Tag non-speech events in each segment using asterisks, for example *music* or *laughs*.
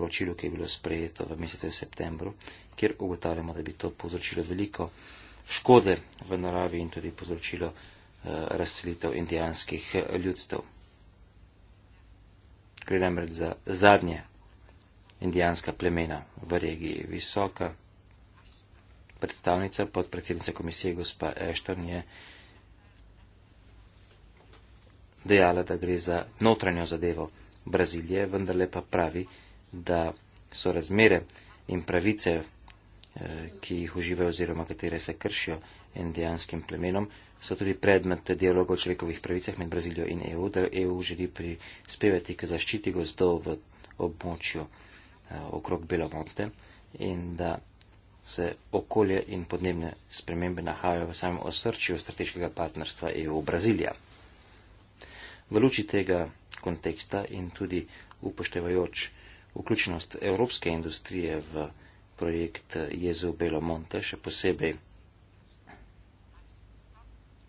poročilu, ki je bilo sprejeto v mesecu septembru, kjer ugotavljamo, da bi to povzročilo veliko škode v naravi in tudi povzročilo eh, razselitev indijanskih eh, ljudstev. Gre namreč za zadnje indijanska plemena v regiji Visoka. Predstavnica podpredsednice komisije, gospa Ashton, je dejala, da gre za notranjo zadevo Brazilije, vendar lepa pravi, da so razmere in pravice, eh, ki jih uživajo oziroma katere se kršijo indijanskim plemenom, so tudi predmet dialoga o človekovih pravicah med Brazilijo in EU, da EU želi prispevati k zaščiti gozdov v območju eh, okrog Belomonte in da se okolje in podnebne spremembe nahajajo v samem osrčju strateškega partnerstva EU-Brazilija. V luči tega konteksta in tudi upoštevajoč vključenost evropske industrije v projekt Jezu Belomonte, še posebej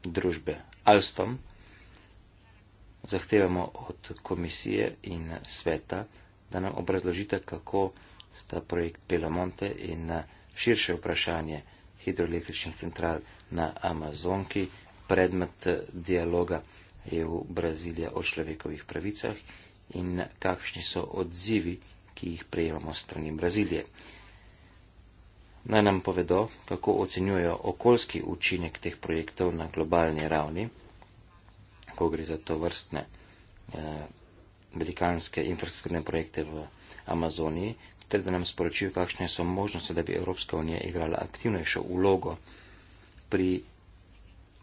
družbe Alstom, zahtevamo od komisije in sveta, da nam obrazložite, kako sta projekt Belomonte in širše vprašanje hidroelektričnih central na Amazonki predmet dialoga EU-Brazilija o človekovih pravicah in kakšni so odzivi ki jih prejemamo strani Brazilije. Naj nam povedo, kako ocenjujejo okoljski učinek teh projektov na globalni ravni, ko gre za to vrstne eh, velikanske infrastrukturne projekte v Amazoniji, ter da nam sporočijo, kakšne so možnosti, da bi Evropska unija igrala aktivnejšo ulogo pri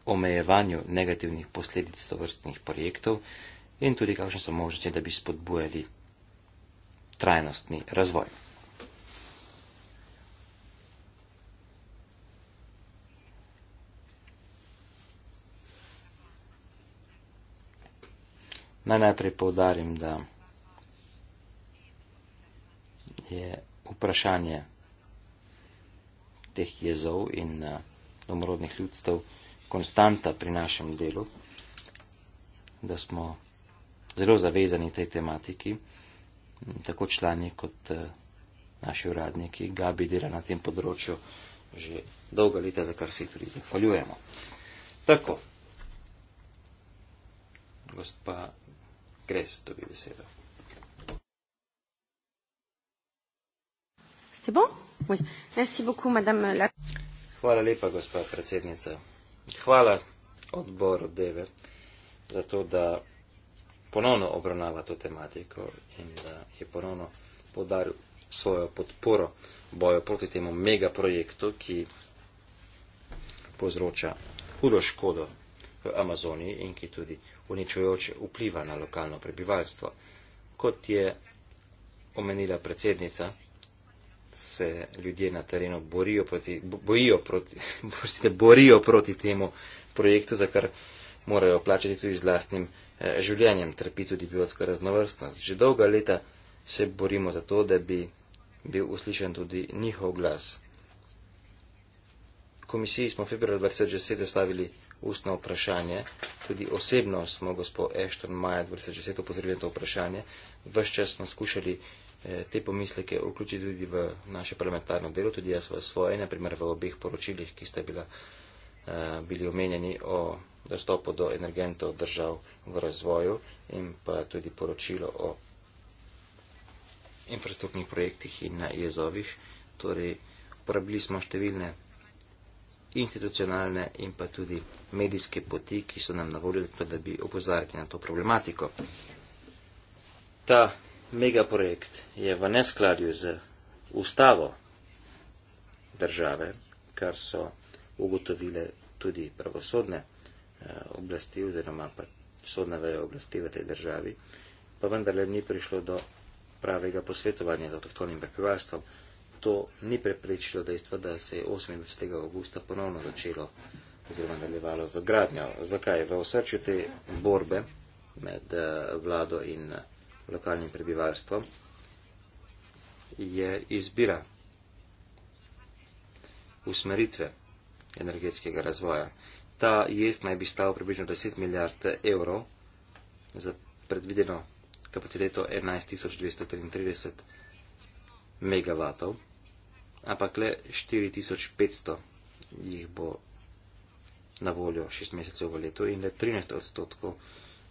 omejevanju negativnih posledic to vrstnih projektov in tudi kakšne so možnosti, da bi spodbujali trajnostni razvoj. Naj najprej povdarim, da je vprašanje teh jezov in eh, domorodnih ljudstev konstanta pri našem delu, da smo zelo zavezani tej tematiki tako člani kot eh, naši uradniki, Gabi dela na tem področju že dolga leta, za kar se jih tudi zahvaljujemo. Tako, gospa Gres dobi besedo. Ste bo? Merci beaucoup, madame la... Hvala lepa, gospa predsednica. Hvala odboru DEVE za to, da ponovno obravnava to tematiko in da je ponovno podaril svojo podporo boju proti temu megaprojektu, ki povzroča hudo škodo v Amazoniji in ki tudi uničujoče vpliva na lokalno prebivalstvo. Kot je omenila predsednica, se ljudje na terenu borijo proti, bojijo proti, *laughs* borijo proti temu projektu, za kar morajo plačati tudi z lastnim Eh, življenjem trpi tudi biotska raznovrstnost. Že dolga leta se borimo za to, da bi bil uslišen tudi njihov glas. V komisiji smo februar 2010 stavili ustno vprašanje, tudi osebno smo gospod Ashton Maja 2010 upozorili na to vprašanje, vse čas smo skušali eh, te pomisleke vključiti tudi v naše parlamentarno delo, tudi jaz v svoje, naprimer v obeh poročilih, ki ste bila, eh, bili omenjeni o dostopu do energentov držav v razvoju in pa tudi poročilo o infrastrukturnih projektih in na jezovih. Torej, uporabili smo številne institucionalne in pa tudi medijske poti, ki so nam navolili, da bi opozarjali na to problematiko. Ta megaprojekt je v neskladju z ustavo države, kar so ugotovile tudi pravosodne Eh, oblasti oziroma pa sodna veja oblasti v tej državi, pa vendarle ni prišlo do pravega posvetovanja z avtohtonim prebivalstvom. To ni prepričilo dejstva, da se je 28. augusta ponovno začelo oziroma nadaljevalo z gradnjo. Zakaj? V osrčju te borbe med eh, vlado in eh, lokalnim prebivalstvom je izbira usmeritve energetskega razvoja. Ta jest naj bi stal približno 10 milijard evrov za predvideno kapaciteto 11.233 megavatov, ampak le 4.500 jih bo na voljo 6 mesecev v letu in le 13 odstotkov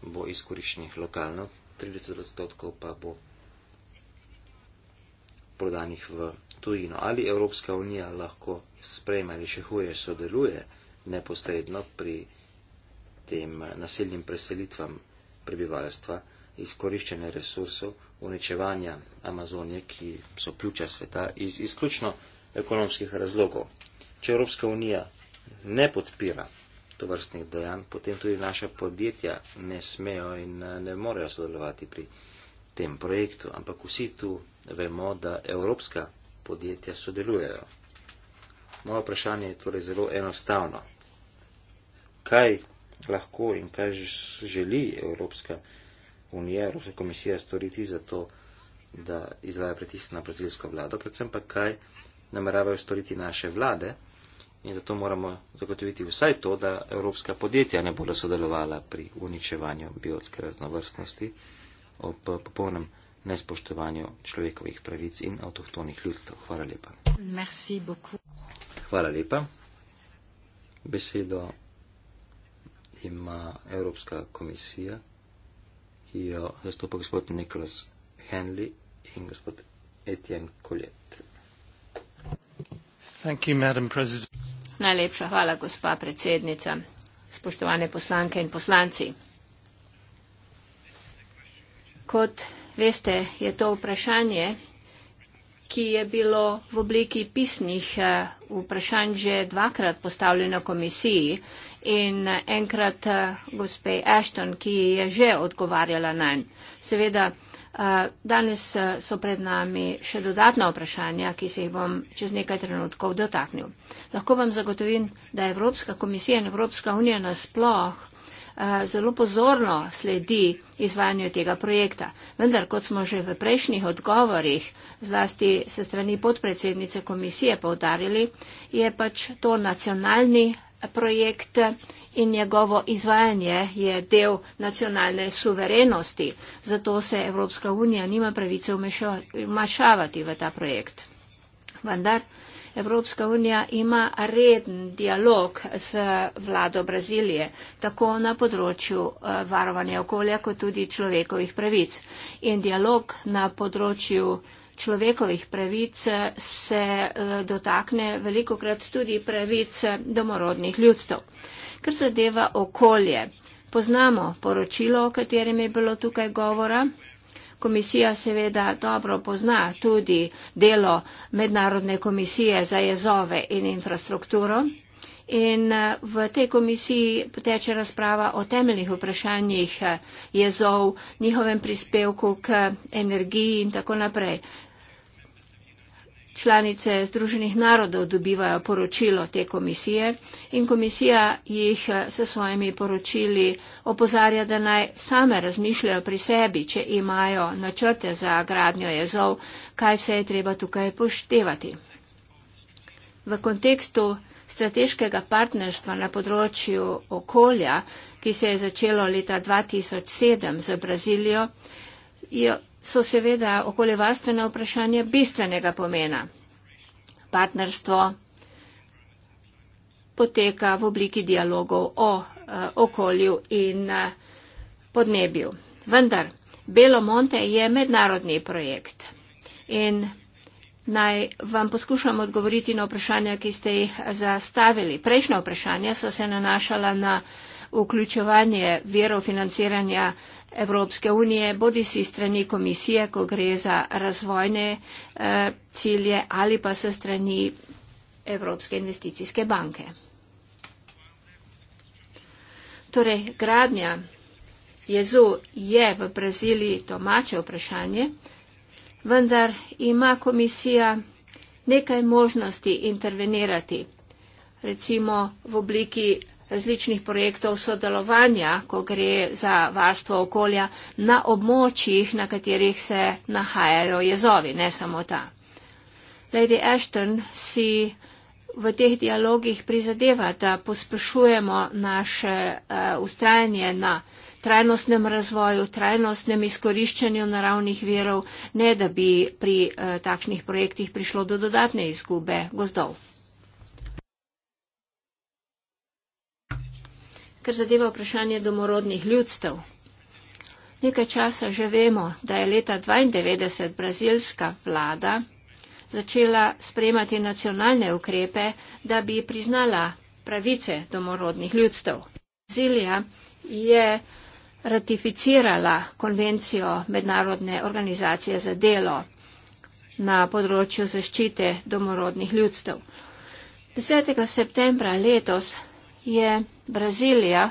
bo izkoriščenih lokalno, 30 odstotkov pa bo prodanih v tujino. Ali Evropska unija lahko sprejme ali še huje sodeluje? neposredno pri tem nasilnim preselitvam prebivalstva, izkoriščene resursov, uničevanja Amazonije, ki so ključa sveta, iz izključno ekonomskih razlogov. Če Evropska unija ne podpira to vrstnih dejanj, potem tudi naša podjetja ne smejo in eh, ne morejo sodelovati pri tem projektu. Ampak vsi tu vemo, da Evropska podjetja sodelujejo. Moje vprašanje je torej zelo enostavno kaj lahko in kaj želi Evropska unija, Evropska komisija storiti za to, da izvaja pritisk na brazilsko vlado, predvsem pa kaj nameravajo storiti naše vlade in zato moramo zagotoviti vsaj to, da evropska podjetja ne bodo sodelovala pri uničevanju biotske raznovrstnosti ob popolnem nespoštovanju človekovih pravic in avtohtonih ljudstev. Hvala lepa. Hvala lepa. Besedo ima Evropska komisija, ki jo zastopa gospod Niklas Henley in gospod Etienne Collet. Najlepša hvala, gospa predsednica. Spoštovane poslanke in poslanci. Kot veste, je to vprašanje, ki je bilo v obliki pisnih eh, vprašanj že dvakrat postavljeno komisiji in eh, enkrat eh, gospe Ashton, ki je že odgovarjala na en. Seveda, eh, danes so pred nami še dodatna vprašanja, ki se jih bom čez nekaj trenutkov dotaknil. Lahko vam zagotovim, da Evropska komisija in Evropska unija nasploh zelo pozorno sledi izvajanju tega projekta. Vendar, kot smo že v prejšnjih odgovorih, zlasti se strani podpredsednice komisije povdarjali, je pač to nacionalni projekt in njegovo izvajanje je del nacionalne suverenosti. Zato se Evropska unija nima pravice vmašavati v ta projekt. Vendar Evropska unija ima reden dialog z vlado Brazilije, tako na področju eh, varovanja okolja, kot tudi človekovih pravic. In dialog na področju človekovih pravic se eh, dotakne veliko krat tudi pravic domorodnih ljudstv. Kar zadeva okolje, poznamo poročilo, o katerem je bilo tukaj govora. Komisija seveda dobro pozna tudi delo Mednarodne komisije za jezove in infrastrukturo. In eh, v tej komisiji poteče razprava o temeljnih vprašanjih eh, jezov, njihovem prispevku k energiji in tako naprej članice Združenih narodov dobivajo poročilo te komisije in komisija jih eh, s svojimi poročili opozarja, da naj same razmišljajo pri sebi, če imajo načrte za gradnjo jezov, kaj vse je treba tukaj poštevati. V kontekstu strateškega partnerstva na področju okolja, ki se je začelo leta 2007 z Brazilijo, so seveda okoljevarstvena vprašanja bistvenega pomena. Partnerstvo poteka v obliki dialogov o eh, okolju in eh, podnebju. Vendar Belo Monte je mednarodni projekt in naj vam poskušam odgovoriti na vprašanja, ki ste jih zastavili. Prejšnja vprašanja so se nanašala na vključevanje verov financiranja Evropske unije, bodi si strani komisije, ko gre za razvojne eh, cilje ali pa se strani Evropske investicijske banke. Torej, gradnja jezu je v Braziliji domače vprašanje, vendar ima komisija nekaj možnosti intervenirati, recimo v obliki različnih projektov sodelovanja, ko gre za varstvo okolja na območjih, na katerih se nahajajo jezovi, ne samo ta. Lady Ashton si v teh dialogih prizadeva, da pospešujemo naše uh, eh, ustrajanje na trajnostnem razvoju, trajnostnem izkoriščanju naravnih verov, ne da bi pri uh, takšnih projektih prišlo do dodatne izgube gozdov. kar zadeva vprašanje domorodnih ljudstev. Nekaj časa že vemo, da je leta 1992 brazilska vlada začela spremati nacionalne ukrepe, da bi priznala pravice domorodnih ljudstev. Brazilija je ratificirala konvencijo Mednarodne organizacije za delo na področju zaščite domorodnih ljudstev. 10. septembra letos je Brazilija.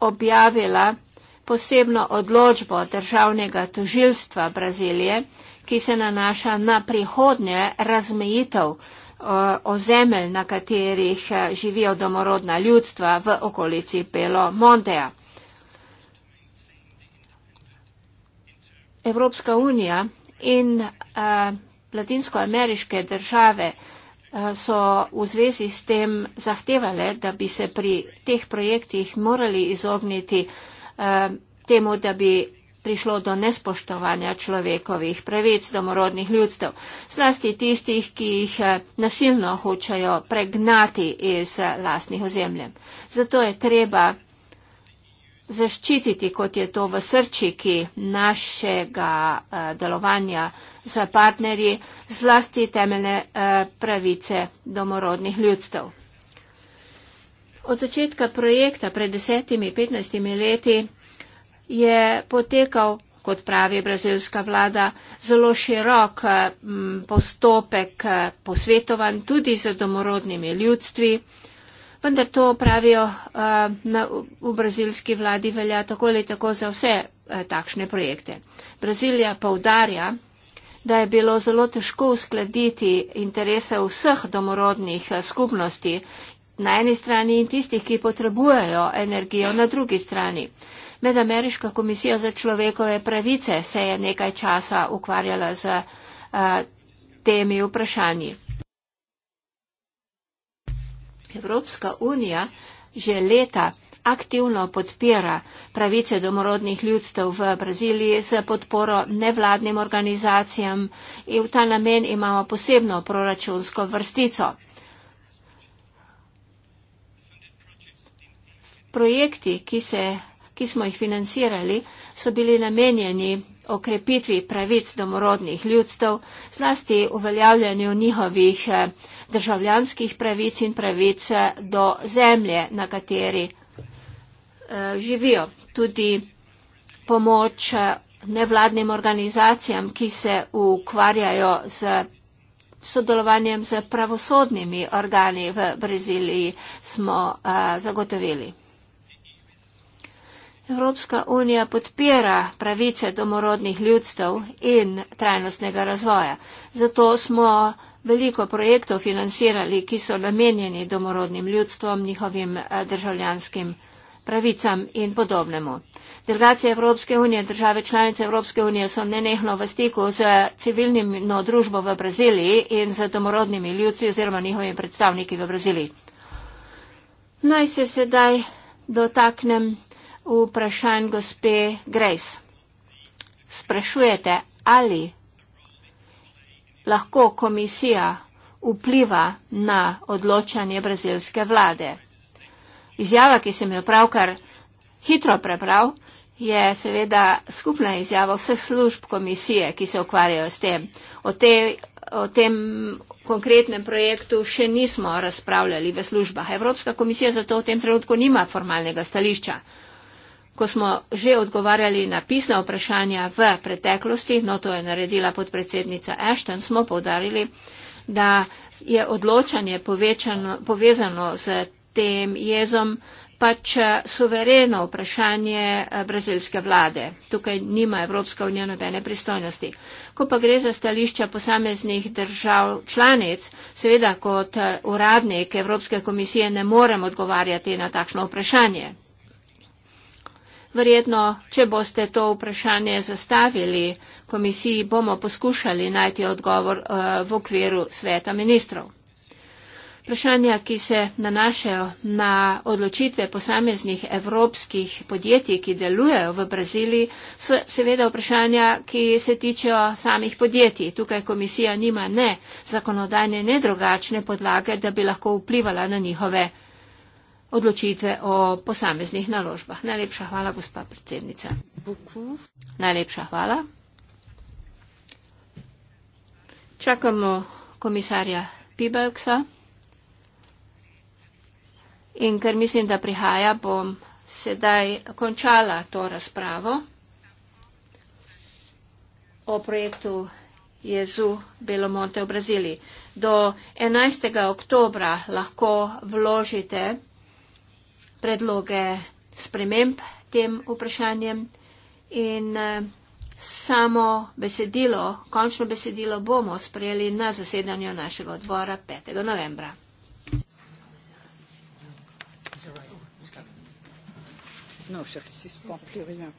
objavila posebno odločbo državnega tožilstva Brazilije, ki se nanaša na prihodnje razmejitev eh, ozemelj, na katerih eh, živijo domorodna ljudstva v okolici Belo Monteja. Evropska unija in eh, latinskoameriške države eh, so v zvezi s tem zahtevale, da bi se pri teh projektih morali izogniti eh, temu, da bi prišlo do nespoštovanja človekovih pravic domorodnih ljudstev, zlasti tistih, ki jih eh, nasilno hočejo pregnati iz lastnih ozemlja. Zato je treba zaščititi, kot je to v srčiki našega eh, delovanja za partnerji, zlasti temeljne eh, pravice domorodnih ljudstv. Od začetka projekta pred 10-15 leti je potekal, kot pravi brazilska vlada, zelo širok eh, postopek posvetovanj tudi za domorodnimi ljudstvi. Vendar to pravijo eh, na, v brazilski vladi velja tako ali tako za vse eh, takšne projekte. Brazilija povdarja, da je bilo zelo težko uskladiti interese vseh domorodnih eh, skupnosti na eni strani in tistih, ki potrebujejo energijo na drugi strani. Medameriška komisija za človekove pravice se je nekaj časa ukvarjala z uh, temi vprašanji. Evropska unija že leta aktivno podpira pravice domorodnih ljudstev v Braziliji z podporo nevladnim organizacijam in v ta namen imamo posebno proračunsko vrstico. Projekti, ki, se, ki smo jih financirali, so bili namenjeni okrepitvi pravic domorodnih ljudstev, zlasti uveljavljanju njihovih eh, državljanskih pravic in pravic eh, do zemlje, na kateri eh, živijo. Tudi pomoč eh, nevladnim organizacijam, ki se ukvarjajo z sodelovanjem z pravosodnimi organi v Braziliji, smo zagotovili. Evropska unija podpira pravice domorodnih ljudstev in trajnostnega razvoja. Zato smo veliko projektov financirali, ki so namenjeni domorodnim ljudstvom, njihovim eh, državljanskim pravicam in podobnemu. Delegacije Evropske unije, države članice Evropske unije so nenehno v stiku z civilnimno družbo v Braziliji in z domorodnimi ljudci oziroma njihovimi predstavniki v Braziliji. Naj se sedaj dotaknem vprašanj gospe Grace. Sprašujete, ali lahko komisija vpliva na odločanje brazilske vlade. Izjava, ki sem jo pravkar hitro prebral, je seveda skupna izjava vseh služb komisije, ki se ukvarjajo s tem. O, te, o tem konkretnem projektu še nismo razpravljali v službah. Evropska komisija zato v tem trenutku nima formalnega stališča ko smo že odgovarjali na pisna vprašanja v preteklosti, no to je naredila podpredsednica Ashton, smo povdarili, da je odločanje povečano, povezano z tem jezom pač suvereno vprašanje eh, brazilske vlade. Tukaj nima Evropska unija nobene pristojnosti. Ko pa gre za stališča posameznih držav članic, seveda kot eh, uradnik Evropske komisije ne morem odgovarjati na takšno vprašanje. Verjetno, če boste to vprašanje zastavili komisiji, bomo poskušali najti odgovor eh, v okviru sveta ministrov. Vprašanja, ki se nanašajo na odločitve posameznih evropskih podjetij, ki delujejo v Braziliji, so seveda vprašanja, ki se tičejo samih podjetij. Tukaj komisija nima ne zakonodajne, ne drugačne podlage, da bi lahko vplivala na njihove odločitve o posameznih naložbah. Najlepša hvala, gospa predsednica. Najlepša hvala. Čakamo komisarja Pibelksa. In ker mislim, da prihaja, bom sedaj končala to razpravo o projektu Jezu Belomonte v Braziliji. Do 11. oktobra lahko vložite predloge sprememb tem vprašanjem in eh, samo besedilo, končno besedilo bomo sprejeli na zasedanju našega odbora 5. novembra. Non, cher fils, je ne comprends plus rien.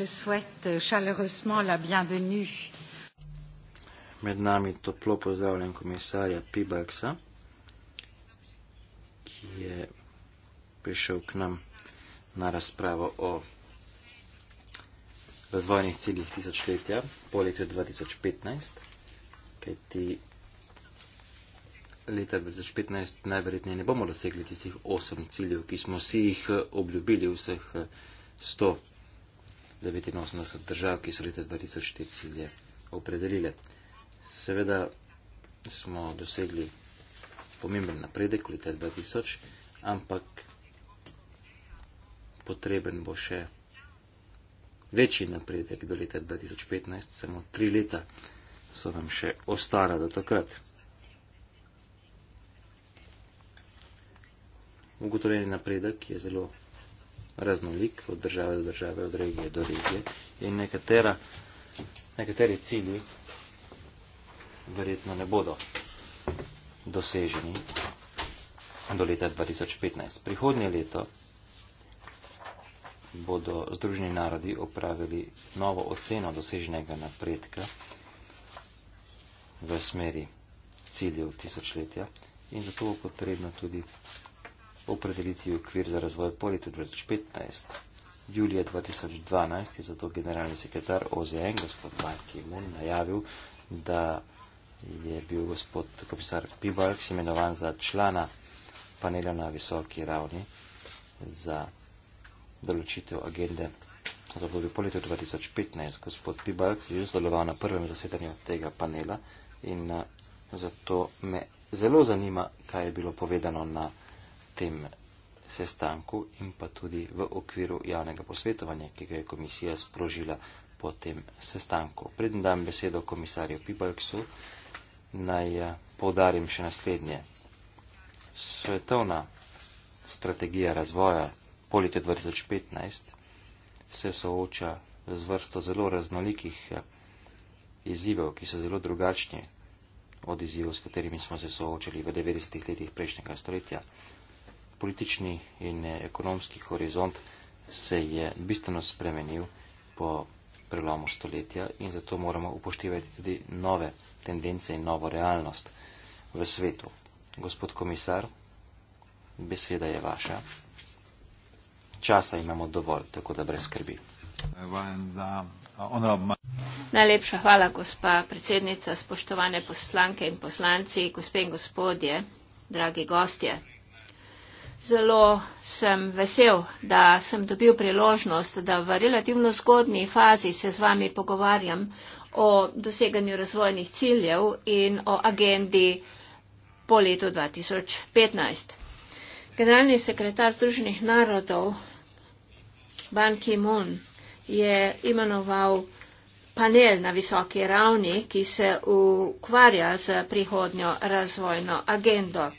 je souhaite chaleureusement la bienvenue. Med nami toplo pozdravljam komisarja Pibaksa, ki je prišel k nam na razpravo o razvojnih ciljih tisočletja po letu 2015, kajti leta 2015 najverjetneje ne bomo dosegli tistih osem ciljev, ki smo si jih obljubili vseh eh, sto 89 držav, ki so leta 2004 cilje opredelile. Seveda smo dosegli pomemben napredek v leta 2000, ampak potreben bo še večji napredek do leta 2015, samo tri leta so nam še ostara do takrat. Ugotovljeni napredek je zelo raznolik od države do države, od regije do regije. In nekatera, nekateri cilji verjetno ne bodo doseženi do leta 2015. Prihodnje leto bodo Združeni narodi opravili novo oceno doseženega napredka v smeri ciljev tisočletja in zato bo potrebno tudi opredeliti okvir za razvoj po letu 2015. Julija 2012 je zato generalni sekretar OZN, gospod Mark Imun, najavil, da je bil gospod komisar Pibalks imenovan za člana panela na visoki ravni za določitev agende za obdobje po letu 2015. Gospod Pibalks je že sodeloval na prvem zasedanju tega panela in eh, zato me zelo zanima, kaj je bilo povedano na tem sestanku in pa tudi v okviru javnega posvetovanja, ki ga je komisija sprožila po tem sestanku. Predem dam besedo komisarju Pibalksu, naj eh, povdarim še naslednje. Svetovna strategija razvoja polite 2015 se sooča z vrsto zelo raznolikih eh, izzivov, ki so zelo drugačni od izzivov, s katerimi smo se soočali v 90-ih letih prejšnjega stoletja politični in ekonomski horizont se je bistveno spremenil po prelomu stoletja in zato moramo upoštevati tudi nove tendence in novo realnost v svetu. Gospod komisar, beseda je vaša. Časa imamo dovolj, tako da brez skrbi. Najlepša hvala, gospa predsednica, spoštovane poslanke in poslanci, gospe in gospodje, dragi gostje. Zelo sem vesel, da sem dobil priložnost, da v relativno zgodni fazi se z vami pogovarjam o doseganju razvojnih ciljev in o agendi po letu 2015. Generalni sekretar Združenih narodov Ban Ki-moon je imenoval panel na visoki ravni, ki se ukvarja z prihodnjo razvojno agendo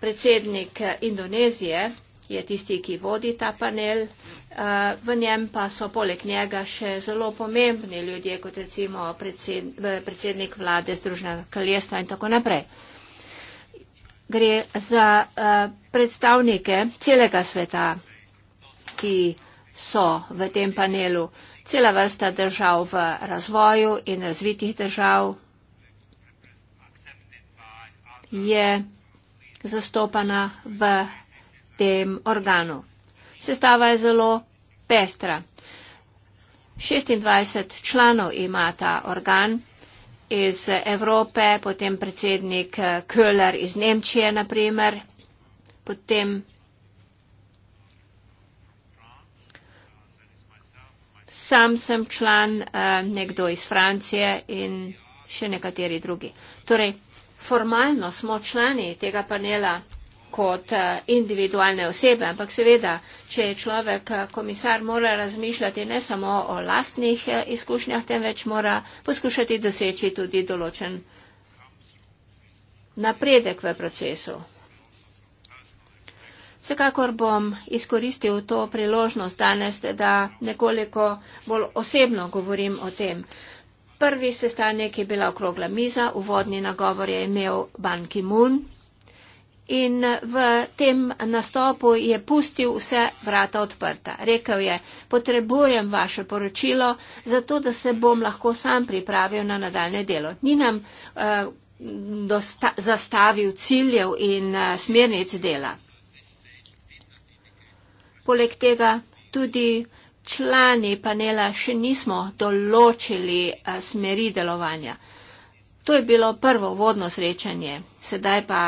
predsednik Indonezije je tisti, ki vodi ta panel. Eh, v njem pa so poleg njega še zelo pomembni ljudje, kot recimo predsednik vlade Združenega kraljestva in tako naprej. Gre za eh, predstavnike celega sveta, ki so v tem panelu cela vrsta držav v razvoju in razvitih držav je zastopana v tem organu. Sestava je zelo pestra. 26 članov ima ta organ iz Evrope, potem predsednik eh, Köhler iz Nemčije, naprimer, potem sam sem član, eh, nekdo iz Francije in še nekateri drugi. Torej, formalno smo člani tega panela kot eh, individualne osebe, ampak seveda, če je človek eh, komisar, mora razmišljati ne samo o lastnih eh, izkušnjah, temveč mora poskušati doseči tudi določen napredek v procesu. Vsekakor bom izkoristil to priložnost danes, da nekoliko bolj osebno govorim o tem. Prvi sestanek je bila okrogla miza, uvodni nagovor je imel Ban Ki-moon in v tem nastopu je pustil vse vrata odprta. Rekel je, potrebujem vaše poročilo, zato da se bom lahko sam pripravil na nadaljne delo. Ni nam uh, dosta, zastavil ciljev in uh, smernic dela. Poleg tega tudi člani panela še nismo določili eh, smeri delovanja. To je bilo prvo vodno srečanje, sedaj pa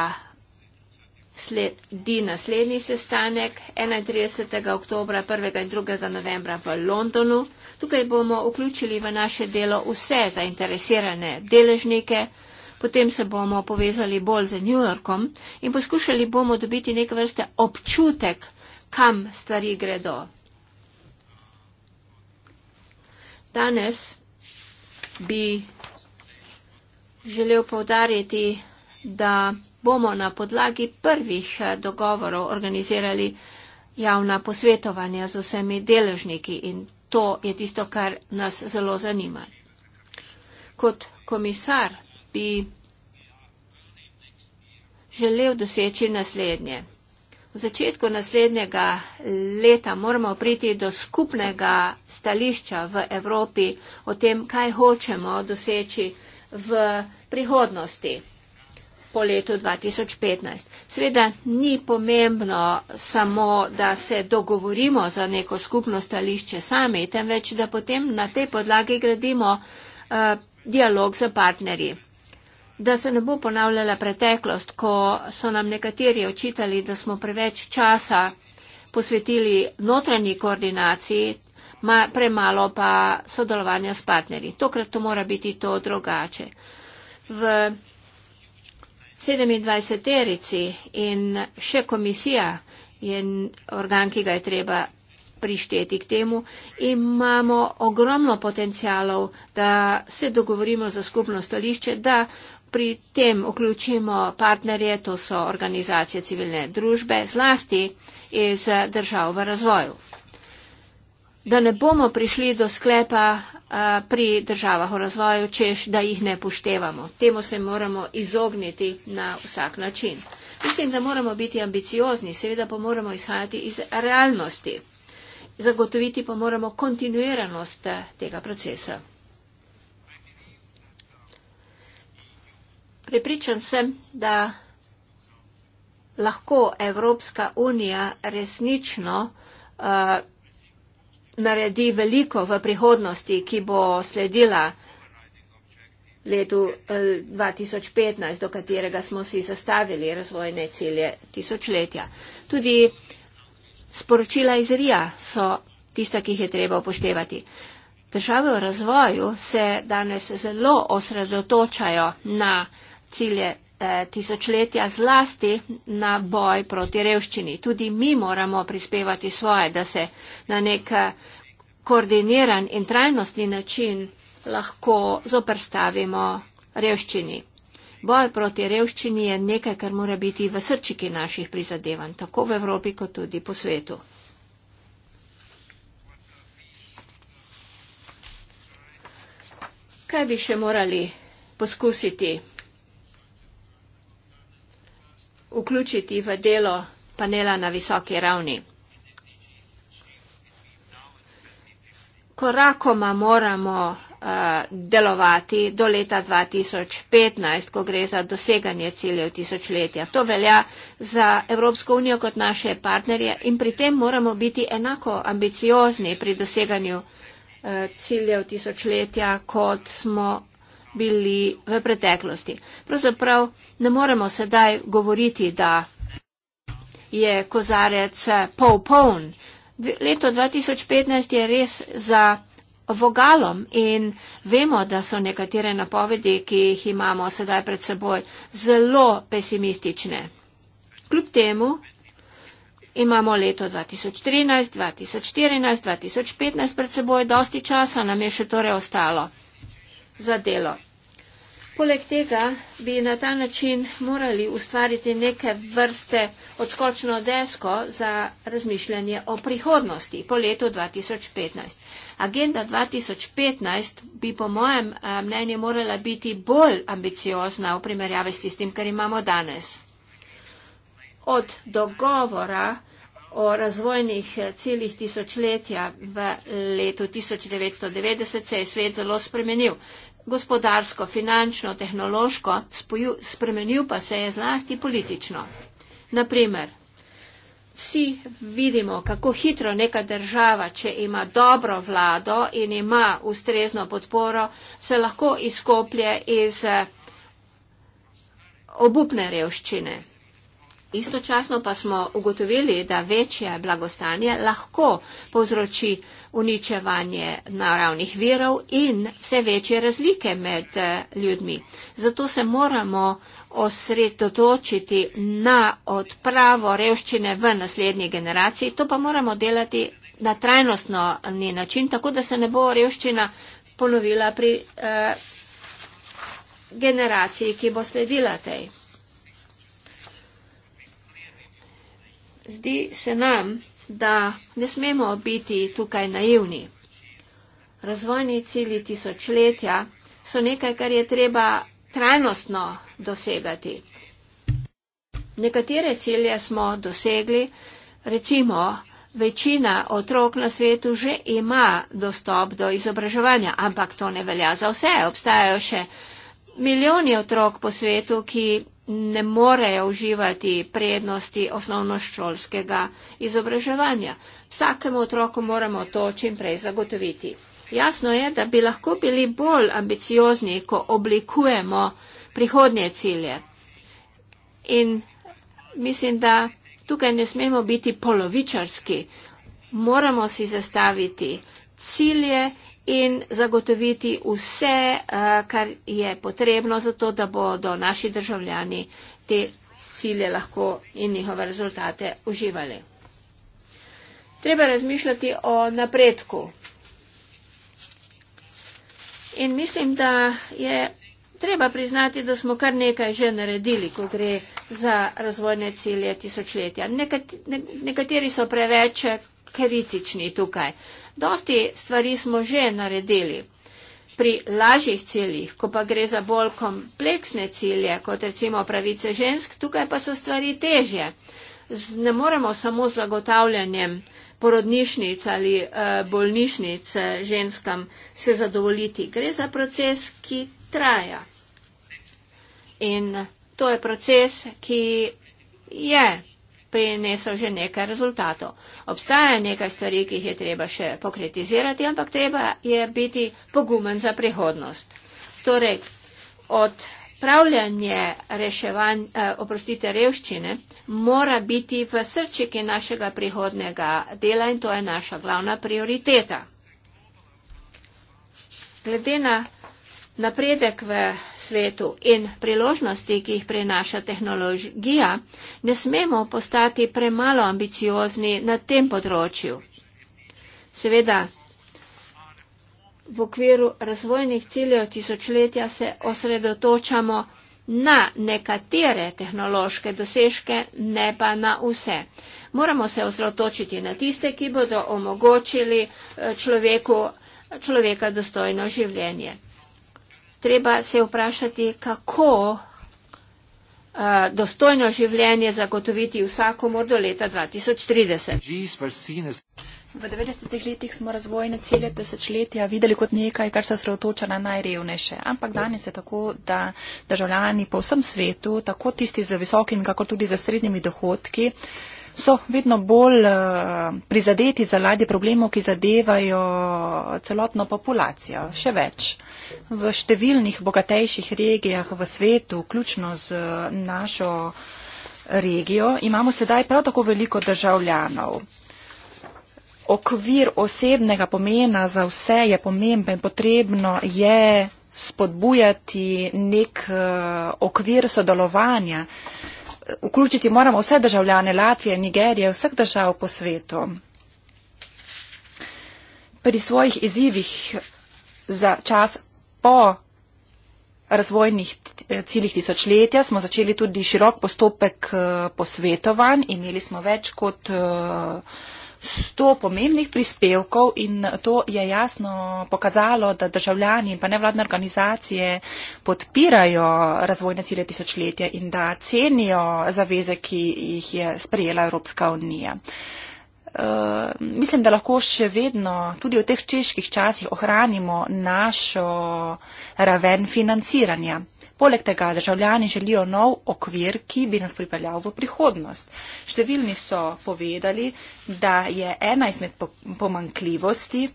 sledi naslednji sestanek 31. oktober, 1. in 2. novembra v Londonu. Tukaj bomo vključili v naše delo vse zainteresirane deležnike, potem se bomo povezali bolj z New Yorkom in poskušali bomo dobiti nek vrste občutek, kam stvari gredo. Danes bi želel povdariti, da bomo na podlagi prvih eh, dogovorov organizirali javna posvetovanja z vsemi deležniki in to je tisto, kar nas zelo zanima. Kot komisar bi želel doseči naslednje začetku naslednjega leta moramo priti do skupnega stališča v Evropi o tem, kaj hočemo doseči v prihodnosti po letu 2015. Sveda ni pomembno samo, da se dogovorimo za neko skupno stališče sami, temveč, da potem na tej podlagi gradimo uh, dialog z partnerji da se ne bo ponavljala preteklost, ko so nam nekateri očitali, da smo preveč časa posvetili notranji koordinaciji, premalo pa sodelovanja s partnerji. Tokrat to mora biti to drugače. V 27. terici in še komisija je organ, ki ga je treba prišteti k temu, imamo ogromno potencijalov, da se dogovorimo za skupno stališče, da Pri tem vključimo partnerje, to so organizacije civilne družbe, zlasti iz držav v razvoju. Da ne bomo prišli do sklepa pri državah v razvoju, češ, da jih ne poštevamo. Temu se moramo izogniti na vsak način. Mislim, da moramo biti ambiciozni, seveda pa moramo izhajati iz realnosti. Zagotoviti pa moramo kontinuiranost eh, tega procesa. Pripričan sem, da lahko Evropska unija resnično uh, naredi veliko v prihodnosti, ki bo sledila letu 2015, eh, do katerega smo si zastavili razvojne cilje tisočletja. Tudi sporočila iz Rija so tista, ki jih je treba upoštevati. Države v razvoju se danes zelo osredotočajo na cilje eh, tisočletja zlasti na boj proti revščini. Tudi mi moramo prispevati svoje, da se na nek eh, koordiniran in trajnostni način lahko zoprstavimo revščini. Boj proti revščini je nekaj, kar mora biti v srčiki naših prizadevanj, tako v Evropi kot tudi po svetu. Kaj bi še morali poskusiti? vključiti v delo panela na visoki ravni. Korakoma moramo uh, delovati do leta 2015, ko gre za doseganje ciljev tisočletja. To velja za Evropsko unijo kot naše partnerje in pri tem moramo biti enako ambiciozni pri doseganju uh, ciljev tisočletja, kot smo bili v preteklosti. Pravzaprav ne moremo sedaj govoriti, da je kozarec eh, polpoln. Leto 2015 je res za vogalom in vemo, da so nekatere napovedi, ki jih imamo sedaj pred seboj, zelo pesimistične. Kljub temu imamo leto 2013, 2014, 2015 pred seboj, dosti časa nam je še torej ostalo za delo. Poleg tega bi na ta način morali ustvariti neke vrste odskočno desko za razmišljanje o prihodnosti po letu 2015. Agenda 2015 bi po mojem eh, mnenju morala biti bolj ambiciozna v primerjavi s tistim, kar imamo danes. Od dogovora o razvojnih eh, ciljih tisočletja v letu 1990 se je svet zelo spremenil gospodarsko, finančno, tehnološko, spoju, spremenil pa se je zlasti politično. Naprimer, vsi vidimo, kako hitro neka država, če ima dobro vlado in ima ustrezno podporo, se lahko izkoplje iz obupne revščine. Istočasno pa smo ugotovili, da večje blagostanje lahko povzroči uničevanje naravnih virov in vse večje razlike med eh, ljudmi. Zato se moramo osredotočiti na odpravo revščine v naslednji generaciji. To pa moramo delati na trajnostno način, tako da se ne bo revščina ponovila pri eh, generaciji, ki bo sledila tej. zdi se nam, da ne smemo biti tukaj naivni. Razvojni cilji tisočletja so nekaj, kar je treba trajnostno dosegati. Nekatere cilje smo dosegli, recimo, večina otrok na svetu že ima dostop do izobraževanja, ampak to ne velja za vse. Obstajajo še milijoni otrok po svetu, ki ne morejo uživati prednosti osnovnošolskega izobraževanja. Vsakemu otroku moramo to čimprej zagotoviti. Jasno je, da bi lahko bili bolj ambiciozni, ko oblikujemo prihodnje cilje. In mislim, da tukaj ne smemo biti polovičarski. Moramo si zastaviti cilje in zagotoviti vse, eh, kar je potrebno za to, da bodo naši državljani te cilje lahko in njihove rezultate uživali. Treba razmišljati o napredku. In mislim, da je treba priznati, da smo kar nekaj že naredili, ko gre za razvojne cilje tisočletja. Nekateri so preveč kritični tukaj. Dosti stvari smo že naredili pri lažjih ciljih, ko pa gre za bolj kompleksne cilje, kot recimo pravice žensk, tukaj pa so stvari težje. Z, ne moremo samo z zagotavljanjem porodnišnic ali e, bolnišnic eh, ženskam se zadovoljiti. Gre za proces, ki traja. In to je proces, ki je prinesel že nekaj rezultatov. Obstaja nekaj stvari, ki jih je treba še pokritizirati, ampak treba je biti pogumen za prihodnost. Torej, odpravljanje reševanj, eh, oprostite, revščine mora biti v srčiki našega prihodnega dela in to je naša glavna prioriteta. Glede na Napredek v svetu in priložnosti, ki jih prinaša tehnologija, ne smemo postati premalo ambiciozni na tem področju. Seveda, v okviru razvojnih ciljev tisočletja se osredotočamo na nekatere tehnološke dosežke, ne pa na vse. Moramo se osredotočiti na tiste, ki bodo omogočili eh, človeku, človeka dostojno življenje treba se vprašati, kako eh, dostojno življenje zagotoviti vsakomor do leta 2030. V 90-ih letih smo razvojne cilje desetletja videli kot nekaj, kar se sredotoča na najrevnejše. Ampak danes je tako, da državljani po vsem svetu, tako tisti z visokimi, kako tudi z srednjimi dohodki, uh, so vedno bolj eh, prizadeti zaradi problemov, ki zadevajo celotno populacijo. Še več. V številnih bogatejših regijah v svetu, vključno z eh, našo regijo, imamo sedaj prav tako veliko državljanov. Okvir osebnega pomena za vse je pomemben, potrebno je spodbujati nek eh, okvir sodelovanja vključiti moramo vse državljane Latvije, Nigerije, vseh držav po svetu. Pri svojih izzivih za čas po razvojnih ciljih tisočletja smo začeli tudi širok postopek eh, posvetovanj. Imeli smo več kot eh, sto pomembnih prispevkov in to je jasno pokazalo, da državljani in pa nevladne organizacije podpirajo razvojne cilje tisočletja in da cenijo zaveze, ki jih je sprejela Evropska unija. Uh, mislim, da lahko še vedno, tudi v teh čeških časih, ohranimo našo raven financiranja. Poleg tega državljani želijo nov okvir, ki bi nas pripeljal v prihodnost. Številni so povedali, da je ena izmed pomankljivosti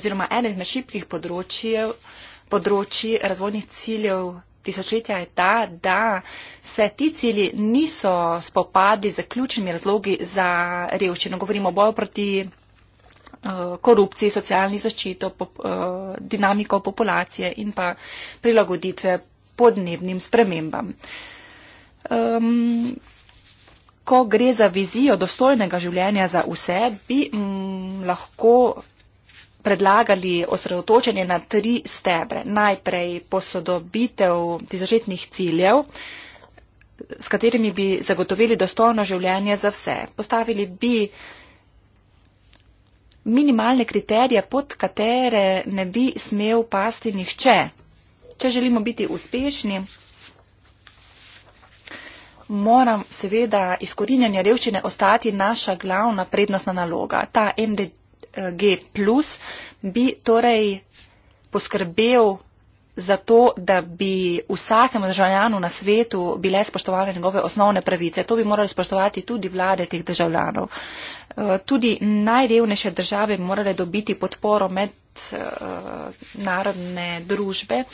oziroma ena izmed šipkih področji razvojnih ciljev tisočletja je ta, da se ti cilji niso spopadli z ključnimi razlogi za revščino. Govorimo o boju proti eh, korupciji, socialni zaščito, eh, dinamiko populacije in pa prilagoditve podnebnim spremembam. Um, ko gre za vizijo dostojnega življenja za vse, bi mm, lahko predlagali osredotočenje na tri stebre. Najprej posodobitev tisočetnih ciljev, s katerimi bi zagotovili dostojno življenje za vse. Postavili bi minimalne kriterije, pod katere ne bi smel pasti nihče če želimo biti uspešni, moram seveda izkorinjanje revščine ostati naša glavna prednostna naloga. Ta MDG plus bi torej poskrbel za to, da bi vsakemu državljanu na svetu bile spoštovane njegove osnovne pravice. To bi morali spoštovati tudi vlade teh državljanov. Eh, tudi najrevnejše države bi morale dobiti podporo med eh, narodne družbe.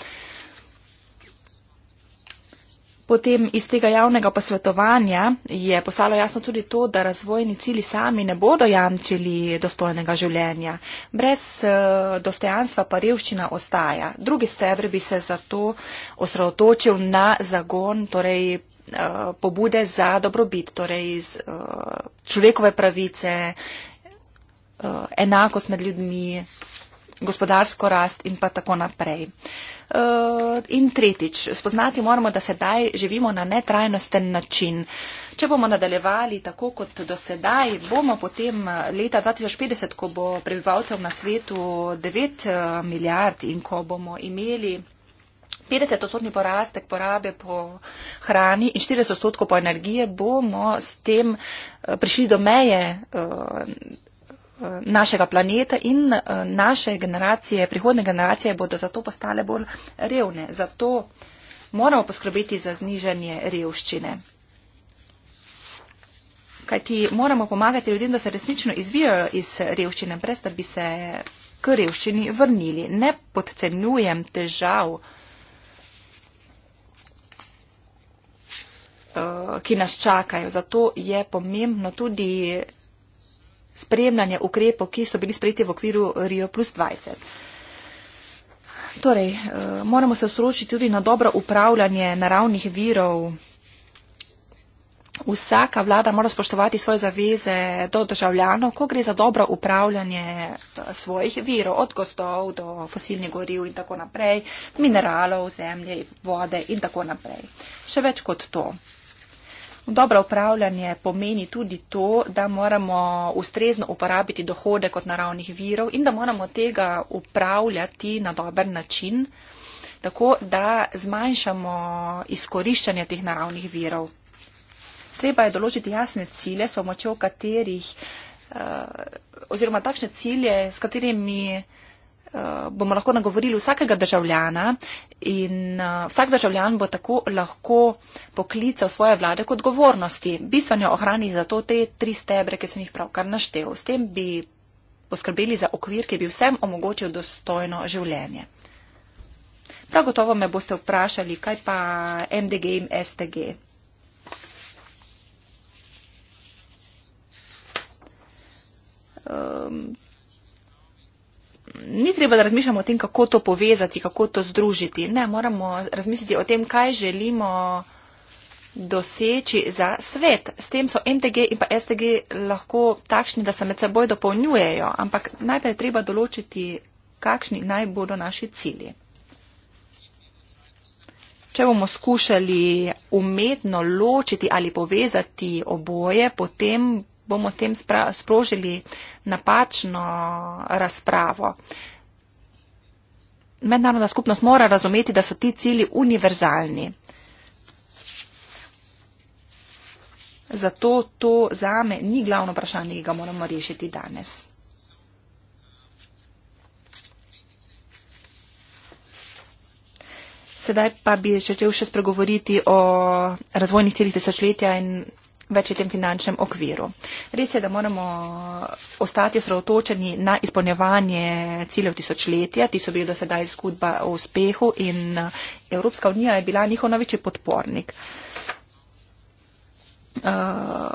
Potem iz tega javnega posvetovanja je postalo jasno tudi to, da razvojni cili sami ne bodo jamčili dostojnega življenja. Brez eh, dostojanstva pa revščina ostaja. Drugi stebr bi se zato osredotočil na zagon, torej eh, pobude za dobrobit, torej iz eh, človekove pravice, enakost med ljudmi, gospodarsko rast in pa tako naprej. Eh, in tretjič, spoznati moramo, da sedaj živimo na netrajnosten način. Če bomo nadaljevali tako kot do sedaj, bomo potem eh, leta 2050, ko bo prebivalcev na svetu 9 eh, milijard in ko bomo imeli 50 odstotni porastek porabe po hrani in 40 odstotkov po energiji, bomo s tem prišli do meje našega planeta in eh, naše generacije, prihodne generacije bodo zato postale bolj revne. Zato moramo poskrbeti za zniženje revščine. Kajti moramo pomagati ljudem, da se resnično izvijajo iz revščine, brez da bi se k revščini vrnili. Ne podcenjujem težav, eh, ki nas čakajo. Zato je pomembno tudi spremljanje ukrepov, ki so bili sprejeti v okviru Rio plus 20. Torej, eh, moramo se osročiti tudi na dobro upravljanje naravnih virov. Vsaka vlada mora spoštovati svoje zaveze do državljanov, ko gre za dobro upravljanje eh, svojih virov, od gostov do fosilnih goriv in tako naprej, mineralov, zemlje, vode in tako naprej. Še več kot to. Dobro upravljanje pomeni tudi to, da moramo ustrezno uporabiti dohodek od naravnih virov in da moramo tega upravljati na dober način, tako da zmanjšamo izkoriščanje teh naravnih virov. Treba je določiti jasne cilje, s pomočjo katerih, eh, oziroma takšne cilje, s katerimi Eh, bomo lahko nagovorili vsakega državljana in uh, vsak državljan bo tako lahko poklical svoje vlade kot odgovornosti. Bistveno ohrani zato te tri stebre, ki sem jih pravkar naštel. S tem bi poskrbeli za okvir, ki bi vsem omogočil dostojno življenje. Prav gotovo me boste vprašali, kaj pa MDG in STG. Um, ehm, ni treba, da razmišljamo o tem, kako to povezati, kako to združiti. Ne, moramo razmisliti o tem, kaj želimo doseči za svet. S tem so MTG in pa STG lahko takšni, da se med seboj dopolnjujejo, ampak najprej treba določiti, kakšni naj bodo naši cilji. Če bomo skušali umetno ločiti ali povezati oboje, potem bomo s tem sprožili napačno razpravo. Mednarodna skupnost mora razumeti, da so ti cili univerzalni. Zato to zame ni glavno vprašanje, ki ga moramo rešiti danes. Sedaj pa bi želel še spregovoriti o razvojnih ciljih tisočletja in večjem finančnem okviru. Res je, da moramo ostati osredotočeni na izpolnjevanje ciljev tisočletja, ti so bili do sedaj zgodba o uspehu in Evropska unija je bila njihov največji podpornik. Uh,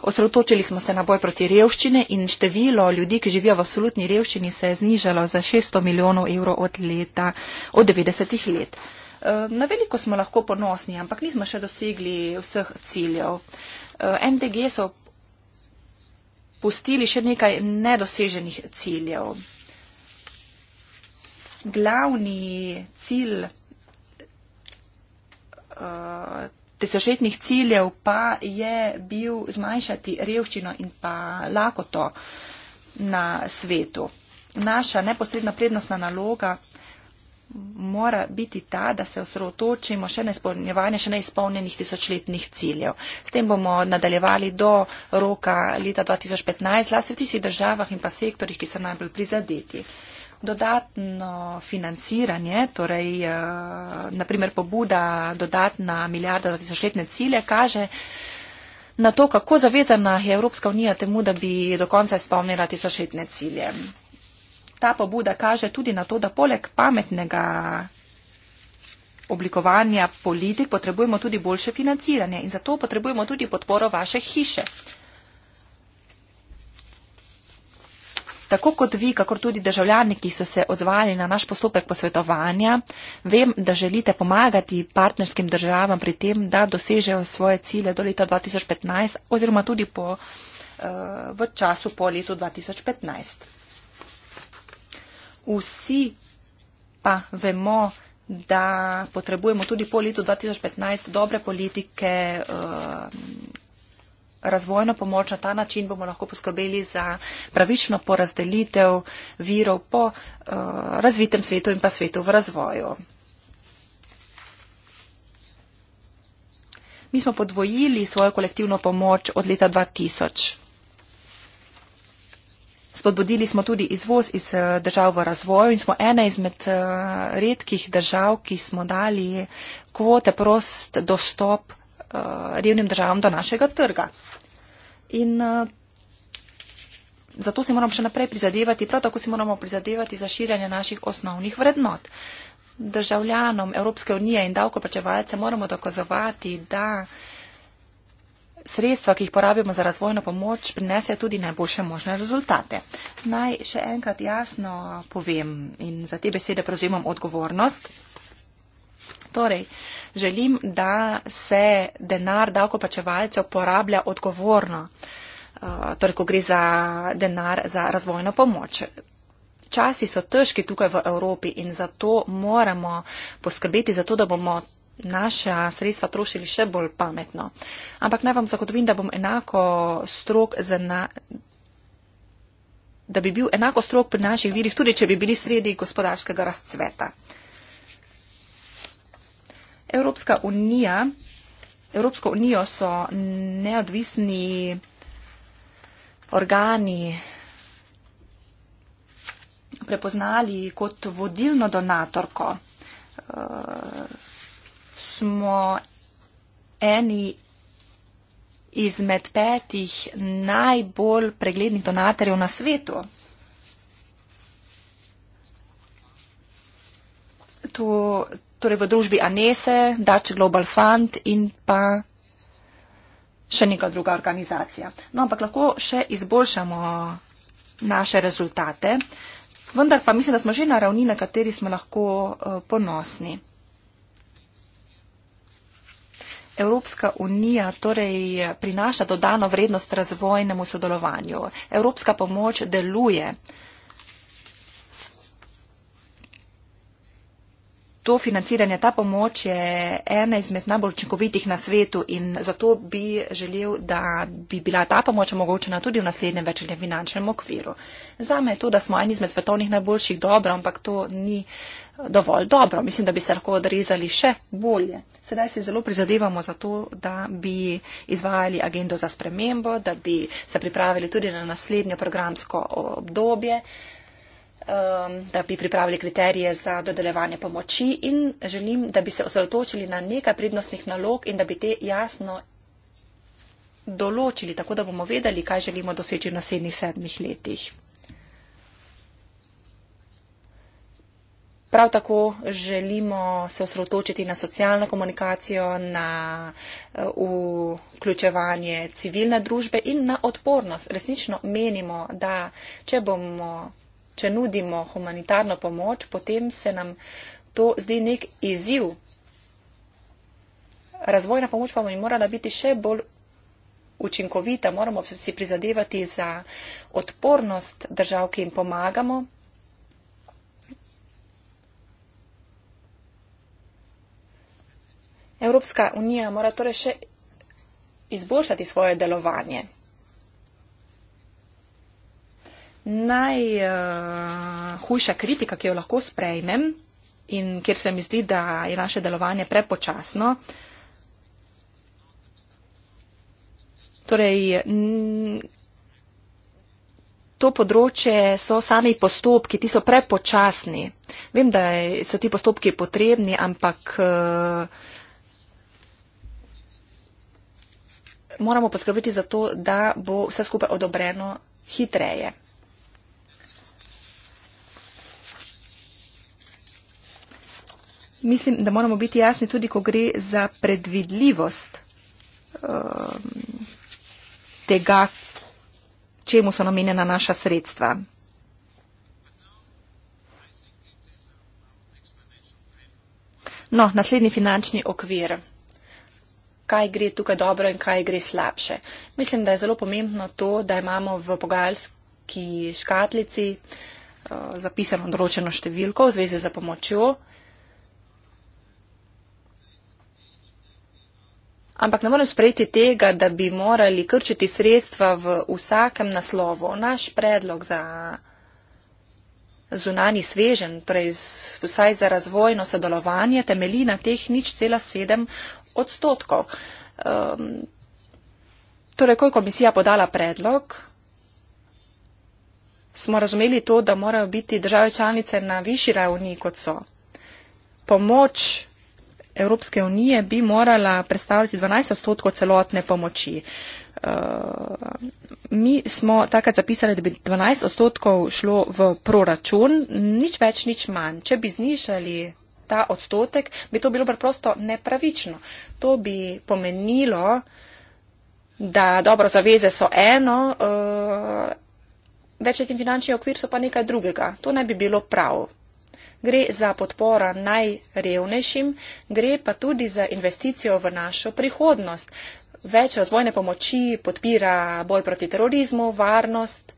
osredotočili smo se na boj proti revščine in število ljudi, ki živijo v absolutni revščini, se je znižalo za 600 milijonov evrov od leta, od 90-ih let. Uh, na veliko smo lahko ponosni, ampak nismo še dosegli vseh ciljev. Uh, Eh, MDG so pustili še nekaj nedoseženih ciljev. Glavni cilj eh, tisočetnih ciljev pa je bil zmanjšati revščino in pa lakoto na svetu. Naša neposredna prednostna naloga mora biti ta, da se osredotočimo še na izpolnjevanje še neizpolnjenih tisočletnih ciljev. S tem bomo nadaljevali do roka leta 2015, zlasti v tistih državah in pa sektorjih, ki so najbolj prizadeti. Dodatno financiranje, torej eh, naprimer pobuda dodatna milijarda za tisočletne cilje, kaže na to, kako zavezana je Evropska unija temu, da bi do konca izpolnila tisočletne cilje ta pobuda kaže tudi na to, da poleg pametnega oblikovanja politik potrebujemo tudi boljše financiranje in zato potrebujemo tudi podporo vaše hiše. Tako kot vi, kakor tudi državljani, ki so se odzvali na naš postopek posvetovanja, vem, da želite pomagati partnerskim državam pri tem, da dosežejo svoje cilje do leta 2015 oziroma tudi po, eh, v času po letu 2015 vsi pa vemo, da potrebujemo tudi po letu 2015 dobre politike, eh, razvojno pomoč. Na ta način bomo lahko poskrbeli za pravično porazdelitev virov po eh, razvitem svetu in pa svetu v razvoju. Mi smo podvojili svojo kolektivno pomoč od leta 2000. Spodbudili smo tudi izvoz iz eh, držav v razvoju in smo ena izmed eh, redkih držav, ki smo dali kvote prost dostop eh, revnim državam do našega trga. In zato si moramo še naprej prizadevati, prav tako si moramo prizadevati za širjanje naših osnovnih vrednot. Državljanom Evropske unije in davkoplačevalce moramo dokazovati, da sredstva, ki jih porabimo za razvojno pomoč, prinesejo tudi najboljše možne rezultate. Naj še enkrat jasno povem in za te besede prevzemam odgovornost. Torej, želim, da se denar davkoplačevalcev porablja odgovorno, eh, torej, ko gre za denar za razvojno pomoč. Časi so težki tukaj v Evropi in zato moramo poskrbeti za to, da bomo naša sredstva trošili še bolj pametno. Ampak naj vam zagotovim, da bom enako strok za na da bi bil enako strok pri naših virih, tudi če bi bili sredi gospodarskega razcveta. Evropska unija, Evropsko unijo so neodvisni organi prepoznali kot vodilno donatorko. Uh, smo eni izmed petih najbolj preglednih donatorjev na svetu. To, torej v družbi Anese, Dutch Global Fund in pa še neka druga organizacija. No, ampak lahko še izboljšamo naše rezultate, vendar pa mislim, da smo že na ravni, na kateri smo lahko uh, ponosni. Evropska unija torej prinaša dodano vrednost razvojnemu sodelovanju. Evropska pomoč deluje. To financiranje, ta pomoč je ena izmed najbolj učinkovitih na svetu in zato bi želel, da bi bila ta pomoč omogočena tudi v naslednjem večernjem finančnem okviru. Zame je to, da smo eni izmed svetovnih najboljših dobro, ampak to ni uh, dovolj dobro. Mislim, da bi se lahko odrezali še bolje. Sedaj si zelo prizadevamo za to, da bi izvajali agendo za spremembo, da bi se pripravili tudi na naslednjo programsko obdobje, um, da bi pripravili kriterije za dodelevanje pomoči in želim, da bi se osredotočili na nekaj prednostnih nalog in da bi te jasno določili, tako da bomo vedeli, kaj želimo doseči v naslednjih sedmih letih. Prav tako želimo se osredotočiti na socialno komunikacijo, na eh, vključevanje civilne družbe in na odpornost. Resnično menimo, da če, bomo, če nudimo humanitarno pomoč, potem se nam to zdi nek izziv. Razvojna pomoč pa bi morala biti še bolj učinkovita. Moramo si prizadevati za odpornost držav, ki jim pomagamo. Evropska unija mora torej še izboljšati svoje delovanje. Najhujša uh, kritika, ki jo lahko sprejmem in kjer se mi zdi, da je naše delovanje prepočasno, torej, To področje so sami postopki, ti so prepočasni. Vem, da so ti postopki potrebni, ampak uh, moramo poskrbeti za to, da bo vse skupaj odobreno hitreje. Mislim, da moramo biti jasni tudi, ko gre za predvidljivost um, tega, čemu so namenjena naša sredstva. No, naslednji finančni okvir kaj gre tukaj dobro in kaj gre slabše. Mislim, da je zelo pomembno to, da imamo v pogajalski škatlici eh, zapisano določeno številko v zvezi za pomočjo. Ampak ne morem sprejeti tega, da bi morali krčiti sredstva v vsakem naslovu. Naš predlog za zunani svežen, torej vsaj za razvojno sodelovanje, temelji na teh nič cela sedem odstotkov. Um, torej, ko je komisija podala predlog, smo razumeli to, da morajo biti države članice na višji ravni, kot so. Pomoč Evropske unije bi morala predstavljati 12 odstotkov celotne pomoči. Uh, mi smo takrat zapisali, da bi 12 odstotkov šlo v proračun, nič več, nič manj. Če bi znižali ta odstotek, bi to bilo preprosto nepravično. To bi pomenilo, da dobro zaveze so eno, eh, večletni finančni okvir so pa nekaj drugega. To ne bi bilo prav. Gre za podpora najrevnejšim, gre pa tudi za investicijo v našo prihodnost. Več razvojne pomoči podpira boj proti terorizmu, varnost,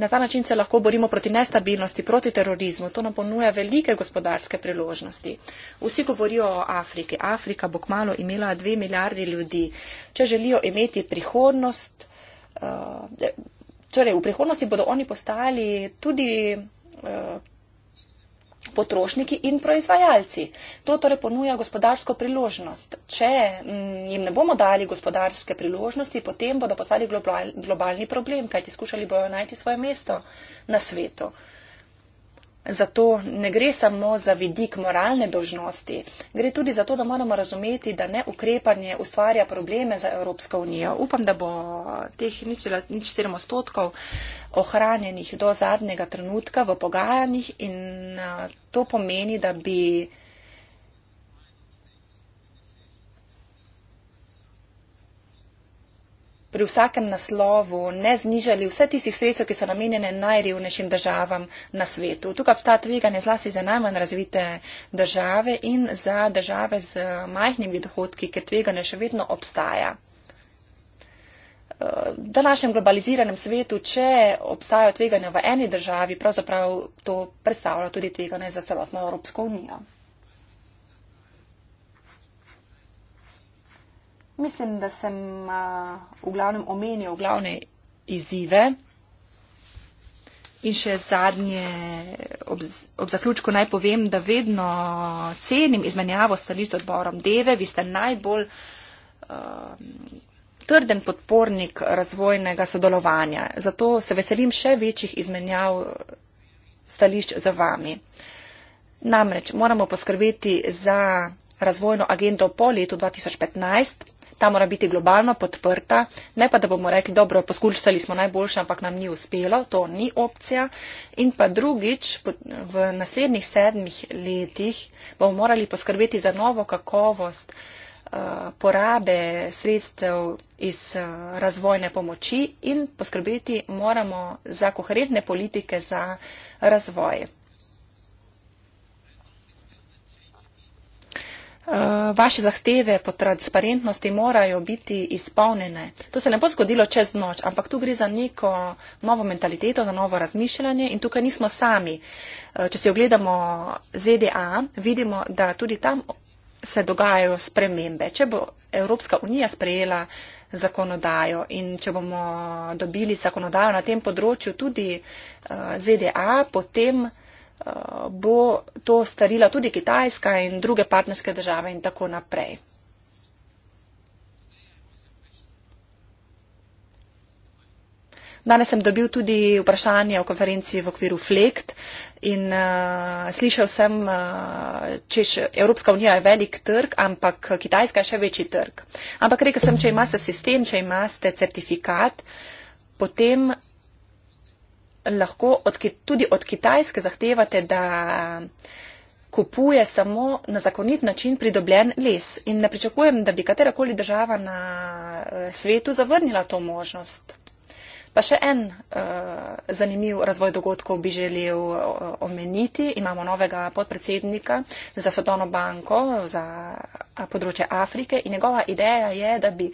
Na ta način se lahko borimo proti nestabilnosti, proti terorizmu. To nam ponuja velike gospodarske priložnosti. Vsi govorijo o Afriki. Afrika bo kmalo imela dve milijardi ljudi. Če želijo imeti prihodnost, eh, torej v prihodnosti bodo oni postali tudi eh, potrošniki in proizvajalci. To torej ponuja gospodarsko priložnost. Če mm, jim ne bomo dali gospodarske priložnosti, potem bodo postali globalni problem, kajti skušali bojo najti svoje mesto na svetu. Zato ne gre samo za vidik moralne dožnosti, gre tudi za to, da moramo razumeti, da ne ukrepanje ustvarja probleme za Evropsko unijo. Upam, da bo teh nič, nič 7 odstotkov ohranjenih do zadnjega trenutka v pogajanjih in eh, to pomeni, da bi pri vsakem naslovu ne znižali vse tistih sredstev, ki so namenjene najrevnejšim državam na svetu. Tukaj obstaja tveganje zlasti za najmanj razvite države in za države z majhnimi dohodki, ker tveganje še vedno obstaja. V današnjem globaliziranem svetu, če obstajajo tveganja v eni državi, pravzaprav to predstavlja tudi tveganje za celotno Evropsko unijo. Mislim, da sem a, v glavnem omenil glavne izzive. In še zadnje, ob, ob zaključku naj povem, da vedno cenim izmenjavo stališč odborom Deve. Vi ste najbolj um, trden podpornik razvojnega sodelovanja. Zato se veselim še večjih izmenjav stališč za vami. Namreč moramo poskrbeti za razvojno agendo po letu 2015 ta mora biti globalno podprta, ne pa da bomo rekli, dobro, poskušali smo najboljše, ampak nam ni uspelo, to ni opcija. In pa drugič, v naslednjih sedmih letih bomo morali poskrbeti za novo kakovost eh, porabe sredstev iz eh, razvojne pomoči in poskrbeti moramo za koherentne politike za razvoj. Eh, vaše zahteve po transparentnosti morajo biti izpolnjene. To se ne bo zgodilo čez noč, ampak tu gre za neko novo mentaliteto, za novo razmišljanje in tukaj nismo sami. Eh, če si ogledamo ZDA, vidimo, da tudi tam se dogajajo spremembe. Če bo Evropska unija sprejela zakonodajo in če bomo dobili zakonodajo na tem področju tudi eh, ZDA, potem bo to starila tudi Kitajska in druge partnerske države in tako naprej. Danes sem dobil tudi vprašanje o konferenci v okviru FLEKT in uh, slišal sem, uh, eh, če Evropska unija je velik trg, ampak Kitajska je še večji trg. Ampak rekel sem, če imate sistem, če imate certifikat, potem lahko od, tudi od Kitajske zahtevate, da kupuje samo na zakonit način pridobljen les. In ne pričakujem, da bi katerakoli država na eh, svetu zavrnila to možnost. Pa še en uh, zanimiv razvoj dogodkov bi želel uh, omeniti. Imamo novega podpredsednika za Svetovno banko za področje Afrike in njegova ideja je, da bi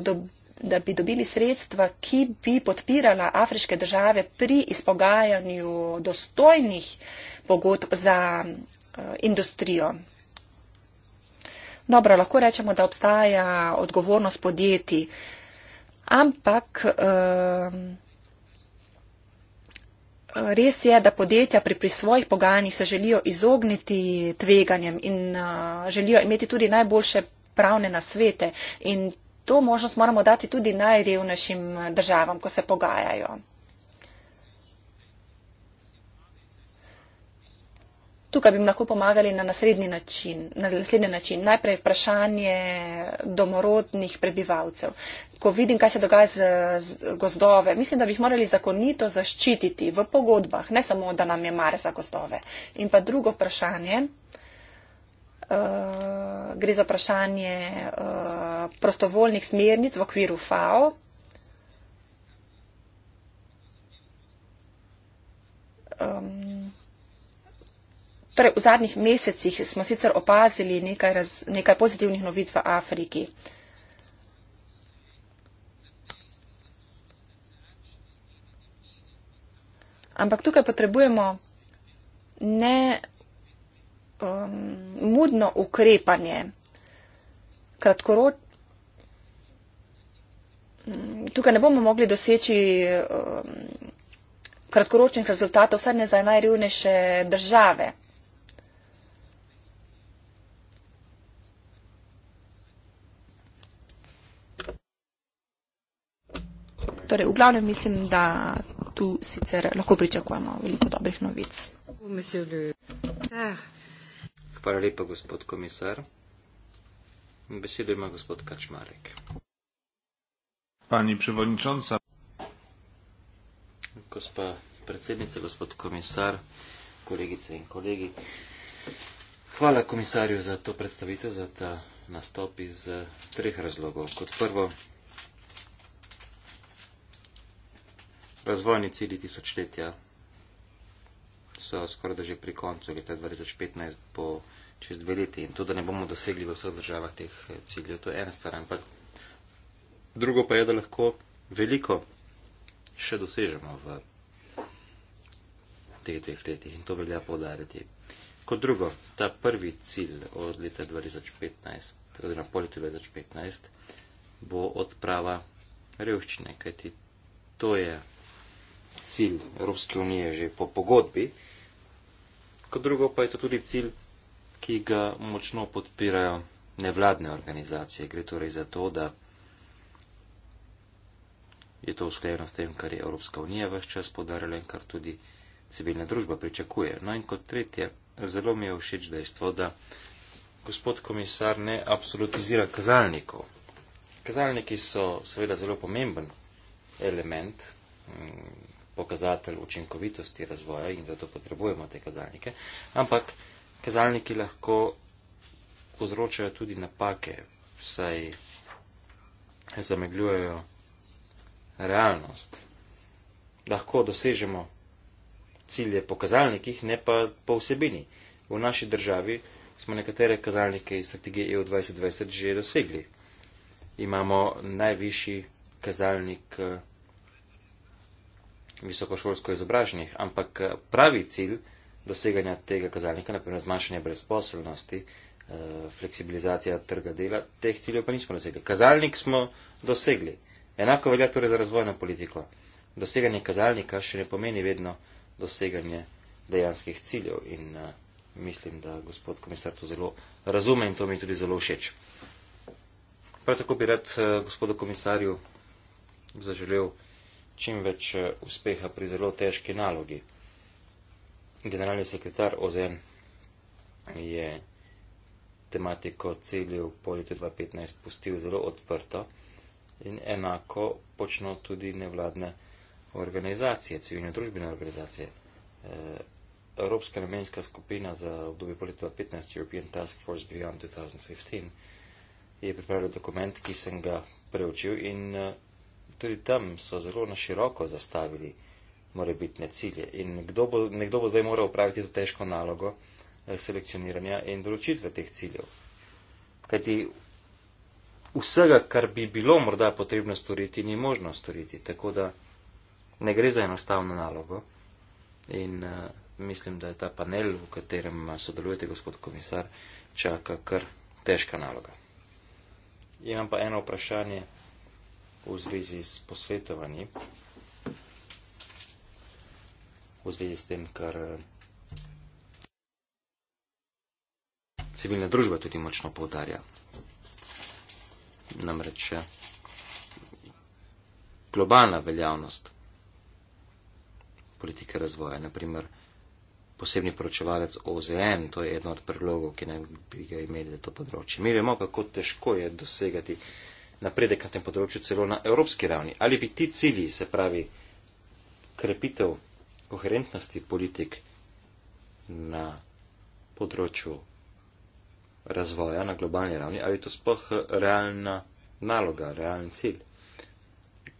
dobili da bi dobili sredstva, ki bi podpirala afriške države pri izpogajanju dostojnih pogodb za eh, industrijo. Dobro, lahko rečemo, da obstaja odgovornost podjetij, ampak eh, res je, da podjetja pri, pri svojih pogajanjih se želijo izogniti tveganjem in eh, želijo imeti tudi najboljše pravne nasvete. In to možnost moramo dati tudi najrevnejšim državam, ko se pogajajo. Tukaj bi lahko pomagali na naslednji način. Na naslednji način. Najprej vprašanje domorodnih prebivalcev. Ko vidim, kaj se dogaja z, z gozdove, mislim, da bi jih morali zakonito zaščititi v pogodbah, ne samo, da nam je mar za gozdove. In pa drugo vprašanje. Eh, gre za vprašanje uh, prostovoljnih smernic v okviru FAO. Um, torej, v zadnjih mesecih smo sicer opazili nekaj, raz, nekaj pozitivnih novic v Afriki. Ampak tukaj potrebujemo ne um, mudno ukrepanje. Kratkoro... Mm, tukaj ne bomo mogli doseči um, kratkoročnih rezultatov, vsaj ne za najrevnejše države. Torej, v glavnem mislim, da tu sicer lahko pričakujemo veliko dobrih novic. Monsieur le... ah. Hvala lepa, gospod komisar. Besedo ima gospod Kačmarek. Pani prevodnica. Gospa predsednica, gospod komisar, kolegice in kolegi. Hvala komisarju za to predstavitev, za ta nastop iz eh, treh razlogov. Kot prvo, razvojni cilji tisočletja so skoraj da že pri koncu leta 2015, bo čez dve leti. In to, da ne bomo dosegli v vseh državah teh eh, ciljev, to je ena stvar. Ampak drugo pa je, da lahko veliko še dosežemo v teh dveh letih. In to velja povdariti. Kot drugo, ta prvi cilj od leta 2015, oziroma po letu 2015, bo odprava revščine, kajti to je cilj Evropske unije že po pogodbi, kot drugo pa je to tudi cilj, ki ga močno podpirajo nevladne organizacije. Gre torej za to, da je to usklajeno s tem, kar je Evropska unija vse čas podarila in kar tudi civilna družba pričakuje. No in kot tretje, zelo mi je všeč dejstvo, da gospod komisar ne absolutizira kazalnikov. Kazalniki so seveda zelo pomemben element. Mm, pokazatelj učinkovitosti razvoja in zato potrebujemo te kazalnike, ampak kazalniki lahko povzročajo tudi napake, saj zamegljujejo realnost. Lahko dosežemo cilje po kazalnikih, ne pa po vsebini. V naši državi smo nekatere kazalnike iz strategije EU 2020 že dosegli. Imamo najvišji kazalnik eh, visokošolsko izobraženih, ampak eh, pravi cilj doseganja tega kazalnika, naprimer zmanjšanje brezposobnosti, eh, fleksibilizacija trga dela, teh ciljev pa nismo dosegli. Kazalnik smo dosegli. Enako velja torej za razvojno politiko. Doseganje kazalnika še ne pomeni vedno doseganje dejanskih ciljev in eh, mislim, da gospod komisar to zelo razume in to mi tudi zelo všeč. Prav tako bi rad gospodu komisarju zaželel čim več eh, uspeha pri zelo težki nalogi. Generalni sekretar OZN je tematiko ciljev po letu 2015 pustil zelo odprto in enako počno tudi nevladne organizacije, civilne družbene organizacije. Eh, Evropska namenska skupina za obdobje po letu 2015, European Task Force Beyond 2015, je pripravila dokument, ki sem ga preučil in eh, tudi tam so zelo na široko zastavili morebitne cilje in nekdo bo, nekdo bo zdaj moral upraviti to težko nalogo eh, selekcioniranja in določitve teh ciljev. Kajti vsega, kar bi bilo morda potrebno storiti, ni možno storiti, tako da ne gre za enostavno nalogo in uh, mislim, da je ta panel, v katerem sodelujete, gospod komisar, čaka kar težka naloga. Imam pa eno vprašanje v zvezi s posvetovanji, v zvezi s tem, kar civilna družba tudi močno povdarja. Namreč globalna veljavnost politike razvoja, naprimer posebni poročevalec OZN, to je eden od predlogov, ki naj bi ga imeli za to področje. Mi vemo, kako težko je dosegati napredek na tem področju celo na evropski ravni. Ali bi ti cilji, se pravi krepitev koherentnosti politik na področju razvoja na globalni ravni, ali je to sploh realna naloga, realen cilj?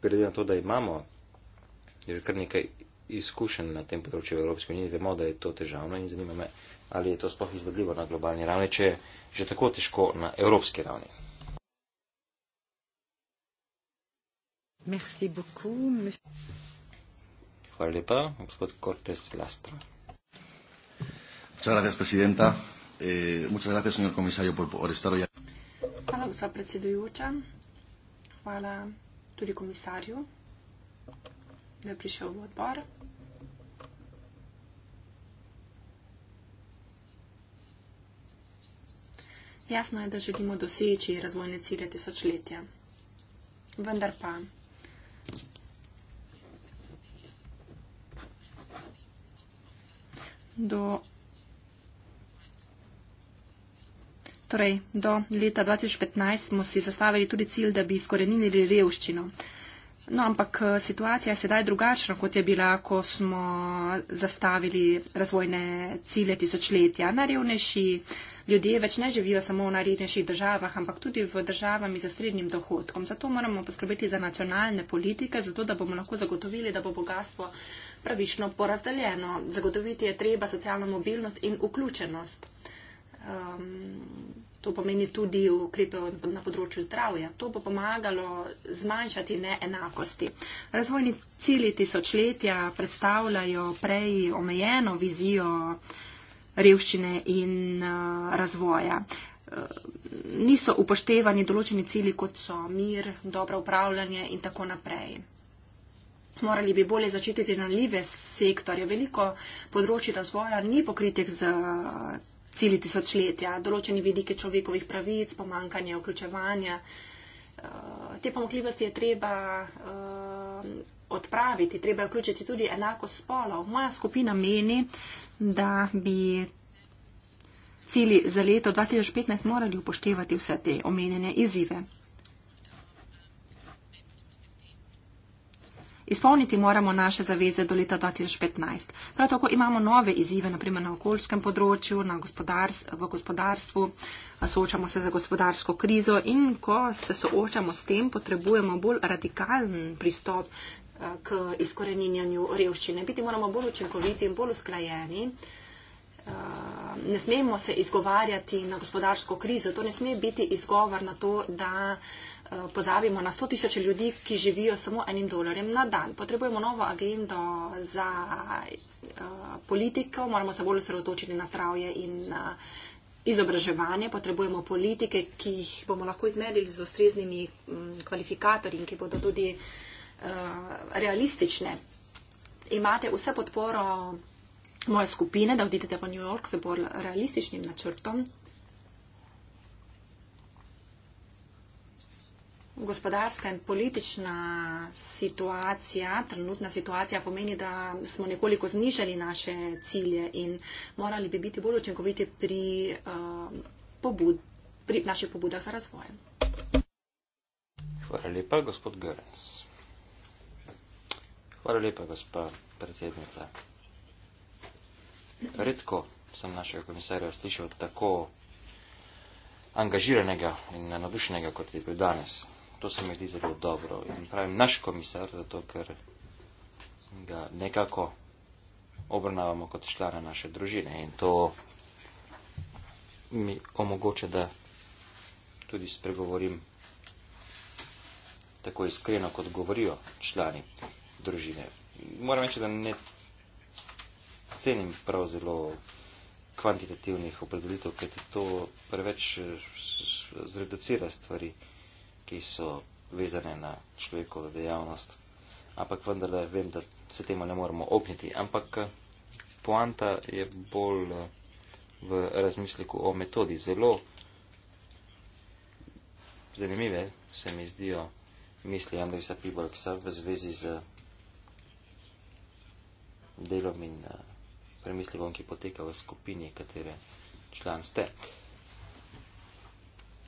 Glede na to, da imamo že kar nekaj izkušenj na tem področju v Evropski uniji, vemo, da je to težavno in zanima me, ali je to sploh izvedljivo na globalni ravni, če je že tako težko na evropski ravni. Merci beaucoup, monsieur. Hvala lepa, gospod Cortés Lastra. Muchas gracias, presidenta. Eh, muchas gracias, señor comisario, por, por estar hoy aquí. Hvala, gospod predsedujoča. Hvala tudi komisarju, da je prišel v odbor. Jasno je, da želimo doseči razvojne cilje tisočletja. Vendar pa do, torej, do leta 2015 smo si zastavili tudi cilj, da bi izkorenili revščino. No, ampak eh, situacija je sedaj drugačna, kot je bila, ko smo zastavili razvojne cilje tisočletja. Najrevnejši ljudje več ne živijo samo v najrevnejših državah, ampak tudi v državami z srednjim dohodkom. Zato moramo poskrbeti za nacionalne politike, zato da bomo lahko zagotovili, da bo bogatstvo pravično porazdeljeno. Zagotoviti je treba socialno mobilnost in vključenost. Um, To pomeni tudi ukrepe na področju zdravja. To bo pomagalo zmanjšati neenakosti. Razvojni cilji tisočletja predstavljajo prej omejeno vizijo revščine in eh, razvoja. Eh, niso upoštevani določeni cilji, kot so mir, dobro upravljanje in tako naprej. Morali bi bolje začeti na live sektorje. Veliko področji razvoja ni pokritih z celi tisočletja, določeni vidiki človekovih pravic, pomankanje vključevanja. Eh, te pomakljivosti je treba eh, odpraviti, treba je vključiti tudi enako spolov. Moja skupina meni, da bi cilji za leto 2015 morali upoštevati vse te omenjene izzive. Izpolniti moramo naše zaveze do leta 2015. Prav tako imamo nove izzive, naprimer na okoljskem področju, na gospodarst, v gospodarstvu, soočamo se za gospodarsko krizo in ko se soočamo s tem, potrebujemo bolj radikalen pristop eh, k izkoreninjanju revščine. Biti moramo bolj učinkoviti in bolj usklajeni. Eh, ne smemo se izgovarjati na gospodarsko krizo. To ne sme biti izgovor na to, da Eh, pozabimo na 100 tisoče ljudi, ki živijo samo enim dolarjem na dan. Potrebujemo novo agendo za eh, politiko, moramo se bolj osredotočiti na zdravje in izobraževanje, potrebujemo politike, ki jih bomo lahko izmerili z ustreznimi mm, kvalifikatorji in ki bodo tudi eh, realistične. Imate vse podporo. Moje skupine, da odidete v New York z bolj realističnim načrtom, gospodarska in politična situacija, trenutna situacija pomeni, da smo nekoliko znižali naše cilje in morali bi biti bolj učinkoviti pri, uh, pobud, pri naših pobudah za razvoj. Hvala lepa, gospod Görens. Hvala lepa, gospa predsednica. Redko sem našega komisarja slišal tako angažiranega in nadušenega, kot je bil danes to se mi zdi zelo dobro. In pravim naš komisar, zato ker ga nekako obrnavamo kot člana naše družine in to mi omogoča, da tudi spregovorim tako iskreno, kot govorijo člani družine. Moram reči, da ne cenim prav zelo kvantitativnih opredelitev, ker to preveč eh, zreducira stvari ki so vezane na človekovo dejavnost. Ampak vendarle vem, da se temu ne moremo ogniti. Ampak eh, poanta je bolj eh, v razmisliku o metodi. Zelo zanimive se mi zdijo misli Andrisa Pibolksa v zvezi z delom in eh, premislekom, ki poteka v skupini, katere član ste. Uh,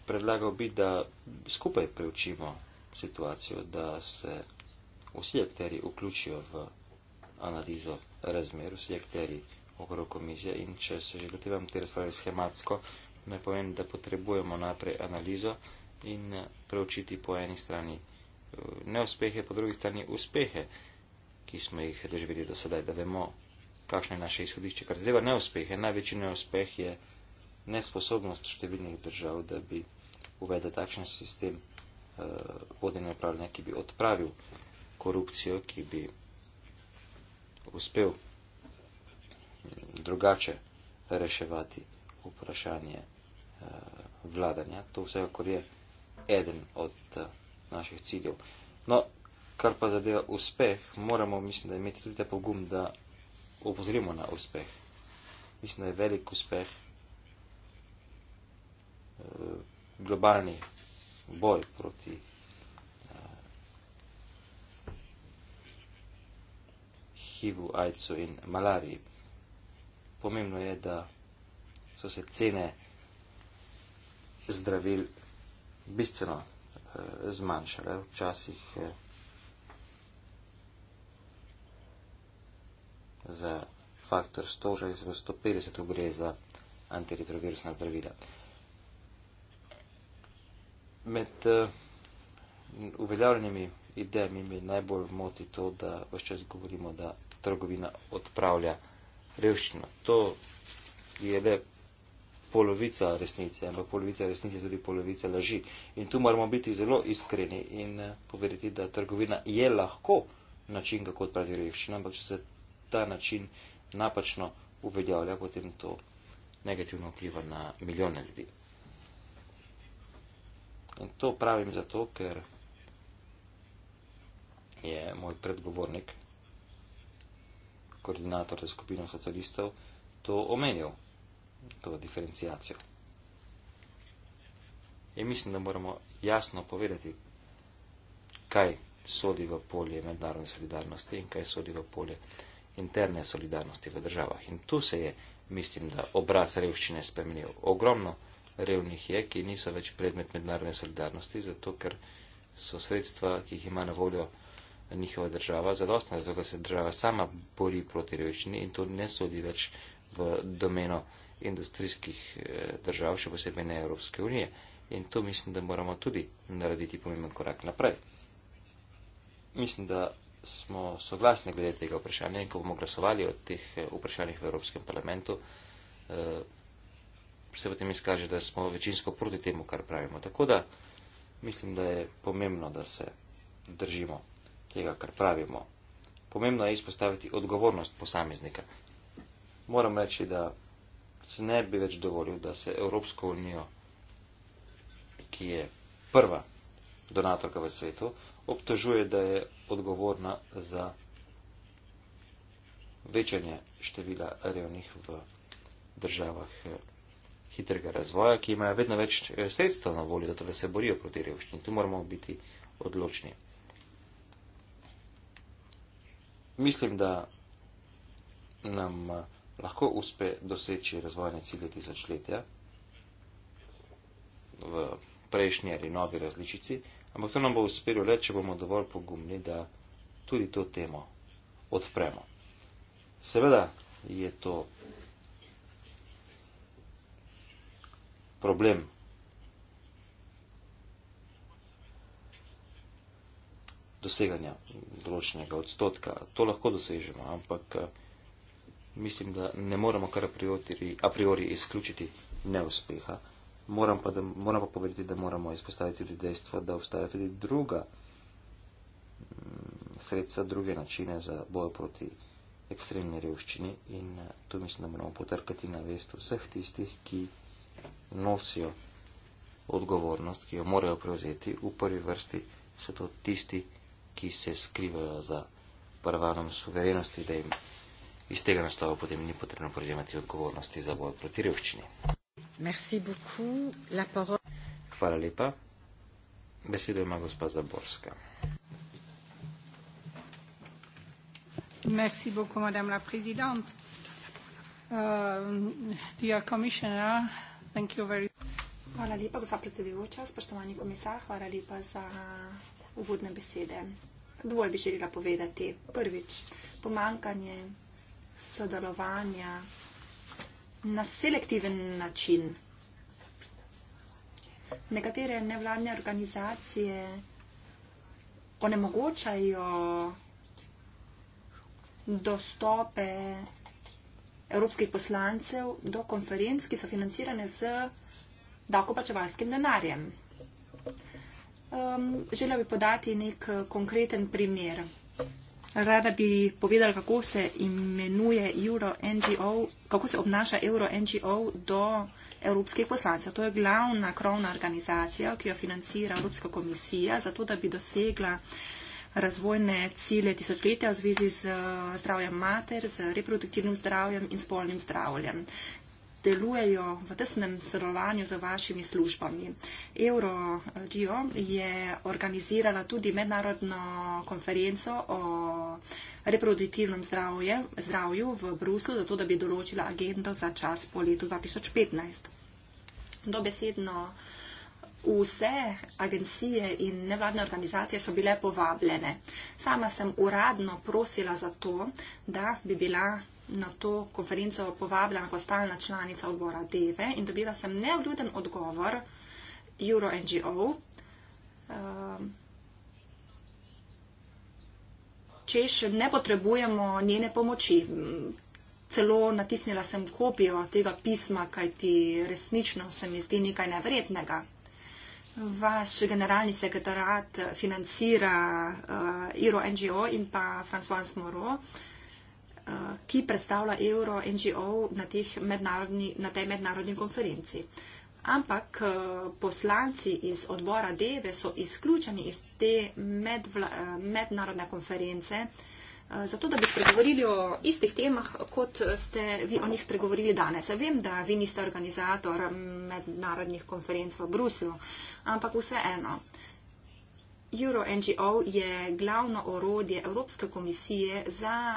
predlagal bi, da skupaj preučimo situacijo, da se vsi akteri vključijo v analizo razmer, vsi akteri okrog komisije in če se že lotevam te razprave schematsko, naj povem, da potrebujemo naprej analizo in eh, preučiti po eni strani eh, neuspehe, po drugi strani uspehe, ki smo jih doživeli do sedaj, da vemo, kakšno je naše izhodišče. Kar zadeva neuspehe, največji neuspeh je nesposobnost številnih držav, da bi uvede takšen sistem uh, vodenja upravljanja, ki bi odpravil korupcijo, ki bi uspel drugače reševati vprašanje uh, vladanja. To vsekakor je eden od uh, naših ciljev. No, kar pa zadeva uspeh, moramo, mislim, da imeti tudi ta pogum, da opozorimo na uspeh. Mislim, da je velik uspeh globalni boj proti eh, HIV-u, AIDS-u in malariji. Pomembno je, da so se cene zdravil bistveno eh, zmanjšale. Včasih eh, za faktor 100, že 150 gre za antiretrovirusna zdravila med uh, uveljavljenimi idejami mi najbolj moti to, da vse čas govorimo, da trgovina odpravlja revščino. To je le polovica resnice, ampak polovica resnice je tudi polovica laži. In tu moramo biti zelo iskreni in eh, povedati, da trgovina je lahko način, kako odpraviti revščino, ampak če se ta način napačno uveljavlja, potem to negativno vpliva na milijone ljudi. In to pravim zato, ker je moj predgovornik, koordinator za skupino socialistov, to omenil, to diferencijacijo. In mislim, da moramo jasno povedati, kaj sodi v polje mednarodne solidarnosti in kaj sodi v polje interne solidarnosti v državah. In tu se je, mislim, da obraz revščine spremenil ogromno revnih je, ki niso več predmet mednarodne solidarnosti, zato ker so sredstva, ki jih ima na voljo njihova država, zadostna, zato ker se država sama bori proti revščini in to ne sodi več v domeno industrijskih eh, držav, še posebej ne Evropske unije. In to mislim, da moramo tudi narediti pomemben korak naprej. Mislim, da smo soglasni glede tega vprašanja in ko bomo glasovali o teh eh, vprašanjih v Evropskem parlamentu, eh, se potem izkaže, da smo večinsko proti temu, kar pravimo. Tako da mislim, da je pomembno, da se držimo tega, kar pravimo. Pomembno je izpostaviti odgovornost posameznika. Moram reči, da se ne bi več dovolil, da se Evropsko unijo, ki je prva donatorka v svetu, obtožuje, da je odgovorna za večanje števila revnih v državah. Eh, hitrega razvoja, ki imajo vedno več eh, sredstva na voljo, zato da torej se borijo proti revščini. Tu moramo biti odločni. Mislim, da nam eh, lahko uspe doseči razvojne cilje tisočletja v prejšnji ali novi različici, ampak to nam bo uspelo le, če bomo dovolj pogumni, da tudi to temo odpremo. Seveda je to problem. Doseganja določenega odstotka. To lahko dosežemo, ampak eh, mislim, da ne moramo kar a priori, a priori izključiti neuspeha. Moram pa, da, moram pa povedati, da moramo izpostaviti tudi dejstvo, da obstaja tudi druga mm, sredstva, druge načine za bojo proti ekstremni revščini in eh, tu mislim, da moramo potrkati na vest vseh tistih, ki nosijo odgovornost, ki jo morajo prevzeti, v prvi vrsti so to tisti, ki se skrivajo za prvanom suverenosti, da jim iz tega naslova potem ni potrebno prevzemati odgovornosti za boj proti revščini. Hvala lepa. Besedo ima gospa Zaborska. Merci beaucoup, madame la présidente. Uh, dear commissioner, Hvala lepa, gospa predsedujoča, spoštovani komisar, hvala lepa za uvodne besede. Dovolj bi želela povedati. Prvič, pomankanje sodelovanja na selektiven način. Nekatere nevladne organizacije onemogočajo dostope evropskih poslancev do konferenc, ki so financirane z davkoplačevalskim denarjem. Um, Želela bi podati nek eh, konkreten primer. Rada bi povedala, kako se imenuje Euro NGO, kako se obnaša Euro NGO do evropskih poslancev. To je glavna krovna organizacija, ki jo financira Evropska komisija, zato da bi dosegla uh, razvojne cilje tisočletja v zvezi z eh, zdravjem mater, z reproduktivnim zdravjem in spolnim zdravljem. Delujejo v tesnem sodelovanju z vašimi službami. EuroGO eh, je organizirala tudi mednarodno konferenco o reproduktivnem zdravje, zdravju v Bruslu, zato da bi določila agendo za čas po letu 2015. Dobesedno vse agencije in nevladne organizacije so bile povabljene. Sama sem uradno prosila za to, da bi bila na to konferenco povabljena kot stalna članica odbora DEVE in dobila sem neobljuden odgovor Euro NGO. Um, ehm, češ ne potrebujemo njene pomoči. Celo natisnila sem kopijo tega pisma, kajti resnično se mi zdi nekaj nevrednega. Vaš generalni sekretarat financira uh, Euro NGO in pa François Moreau, uh, ki predstavlja Euro NGO na, na tej mednarodni konferenci. Ampak uh, poslanci iz odbora DEVE so izključeni iz te medvla, uh, mednarodne konference, uh, Eh, zato da bi spregovorili o istih temah, kot ste vi o njih spregovorili danes. Ja, vem, da vi niste organizator mednarodnih konferenc v Bruslju, ampak vseeno. EuroNGO je glavno orodje Evropske komisije za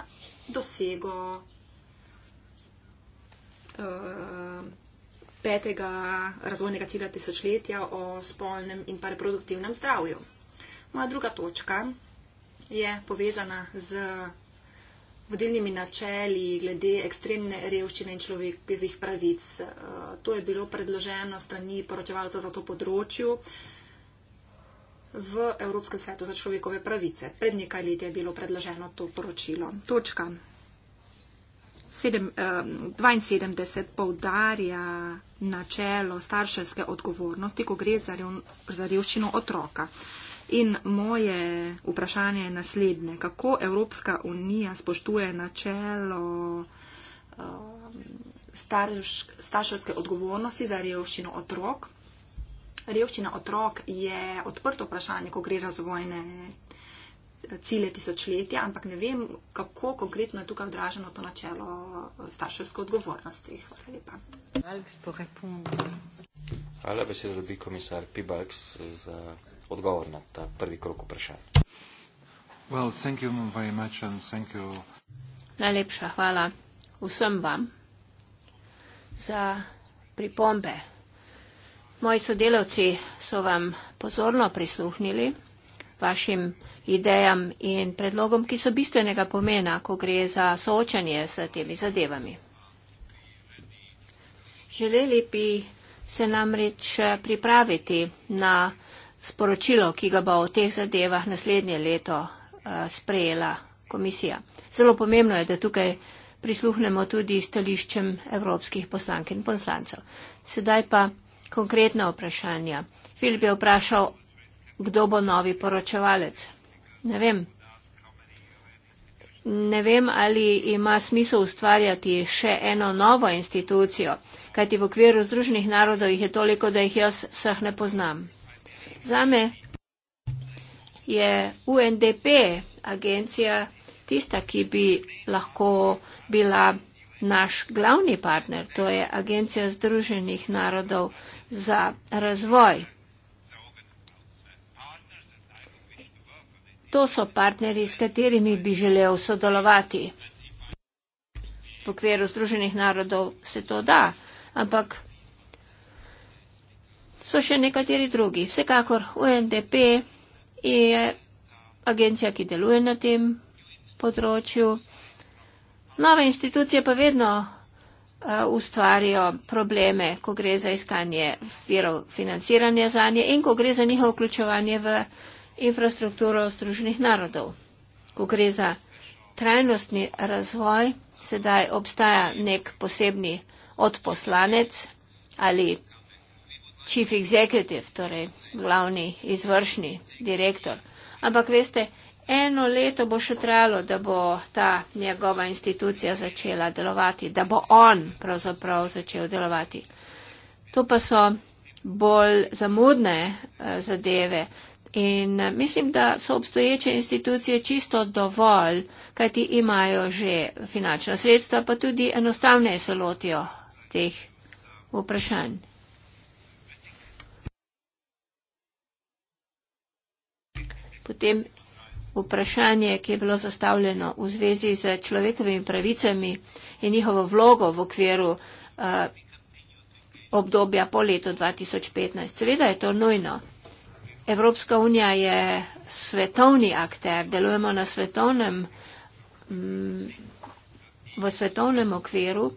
dosego uh, petega razvojnega cilja tisočletja o spolnem in pa reproduktivnem zdravju. Moja druga točka je povezana z vodilnimi načeli glede ekstremne revščine in človekovih pravic. Eh, to je bilo predloženo strani poročevalca za to področju v Evropskem svetu za človekove pravice. Pred nekaj leti je bilo predloženo to poročilo. Točka 7, 72 povdarja načelo starševske odgovornosti, ko gre za revščino otroka. In moje vprašanje je naslednje. Kako Evropska unija spoštuje načelo um, starševske odgovornosti za revščino otrok? Revščina otrok je odprto vprašanje, ko gre razvojne eh, cilje tisočletja, ampak ne vem, kako konkretno je tukaj odraženo to načelo eh, starševske odgovornosti. Hvala lepa. Hvala besedo, da bi komisar Pibalks za odgovor na ta prvi krok vprašanj. Well, thank you very much and thank you. Najlepša hvala vsem vam za pripombe. Moji sodelavci so vam pozorno prisluhnili vašim idejam in predlogom, ki so bistvenega pomena, ko gre za soočanje s temi zadevami. Želeli bi se namreč pripraviti na sporočilo, ki ga bo o teh zadevah naslednje leto eh, sprejela komisija. Zelo pomembno je, da tukaj prisluhnemo tudi stališčem evropskih poslank in poslancev. Sedaj pa konkretna vprašanja. Filip je vprašal, kdo bo novi poročevalec. Ne vem. Ne vem, ali ima smisel ustvarjati še eno novo institucijo, kajti v okviru Združenih narodov jih je toliko, da jih jaz vseh ne poznam. Zame je UNDP agencija tista, ki bi lahko bila naš glavni partner, to je Agencija Združenih narodov za razvoj. To so partnerji, s katerimi bi želel sodelovati. V okviru Združenih narodov se to da, ampak so še nekateri drugi. Vsekakor UNDP je agencija, ki deluje na tem področju. Nove institucije pa vedno uh, ustvarijo probleme, ko gre za iskanje virov financiranja za nje in ko gre za njihovo vključevanje v infrastrukturo združenih narodov. Ko gre za trajnostni razvoj, sedaj obstaja nek posebni odposlanec ali chief executive, torej glavni izvršni direktor. Ampak veste, eno leto bo še trajalo, da bo ta njegova institucija začela delovati, da bo on pravzaprav začel delovati. To pa so bolj zamudne eh, zadeve. In eh, mislim, da so obstoječe institucije čisto dovolj, kajti imajo že finančna sredstva, pa tudi enostavne se lotijo teh vprašanj. Potem vprašanje, ki je bilo zastavljeno v zvezi z človekovimi pravicami in njihovo vlogo v okviru uh, obdobja po letu 2015. Seveda je to nujno. Evropska unija je svetovni akter, delujemo na svetovnem, mm, v svetovnem okviru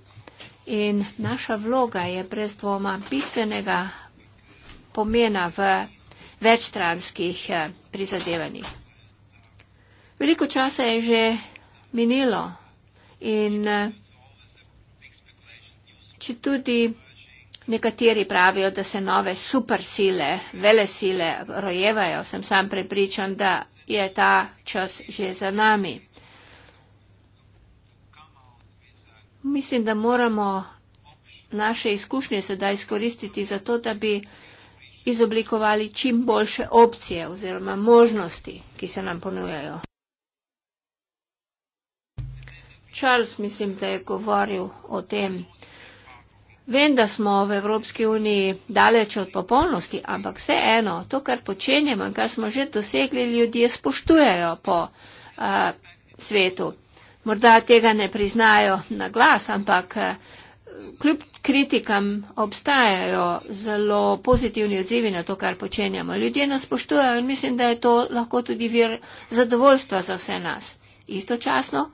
in naša vloga je brez dvoma bistvenega pomena v večstranskih eh, prizadevanjih. Veliko časa je že minilo in eh, če tudi nekateri pravijo, da se nove supersile, velesile rojevajo, sem sam prepričan, da je ta čas že za nami. Mislim, da moramo naše izkušnje sedaj izkoristiti za to, da bi izoblikovali čim boljše opcije oziroma možnosti, ki se nam ponujajo. Charles, mislim, da je govoril o tem. Vem, da smo v Evropski uniji daleč od popolnosti, ampak vseeno, to, kar počenjamo in kar smo že dosegli, ljudje spoštujejo po uh, svetu. Morda tega ne priznajo na glas, ampak uh, kljub kritikam obstajajo zelo pozitivni odzivi na to, kar počenjamo. Ljudje nas spoštujejo in mislim, da je to lahko tudi vir zadovoljstva za vse nas. Istočasno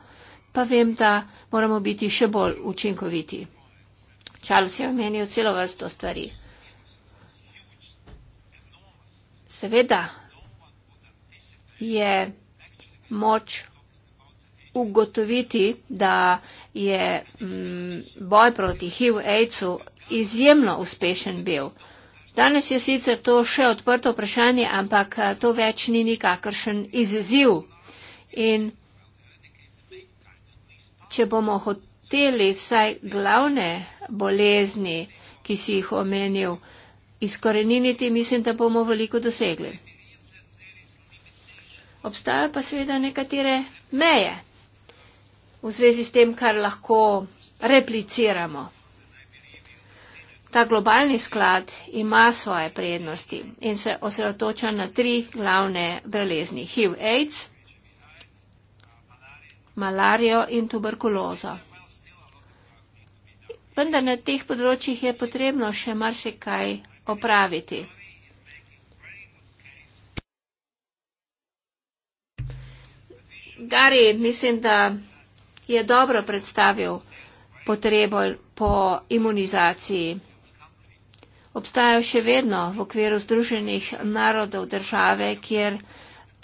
pa vem, da moramo biti še bolj učinkoviti. Charles je omenil celo vrsto stvari. Seveda je moč ugotoviti, da je mm, boj proti HIV-AIDS-u izjemno uspešen bil. Danes je sicer to še odprto vprašanje, ampak eh, to več ni nikakršen izziv. In če bomo hoteli vsaj glavne bolezni, ki si jih omenil, izkoreniniti, mislim, da bomo veliko dosegli. Obstajajo pa seveda nekatere meje v zvezi s tem, kar lahko repliciramo. Ta globalni sklad ima svoje prednosti in se osredotoča na tri glavne bolezni. HIV, AIDS, malarijo in tuberkulozo. Vendar na teh področjih je potrebno še marsikaj opraviti. Gari, mislim, da je dobro predstavil potrebo po imunizaciji. Obstajajo še vedno v okviru Združenih narodov države, kjer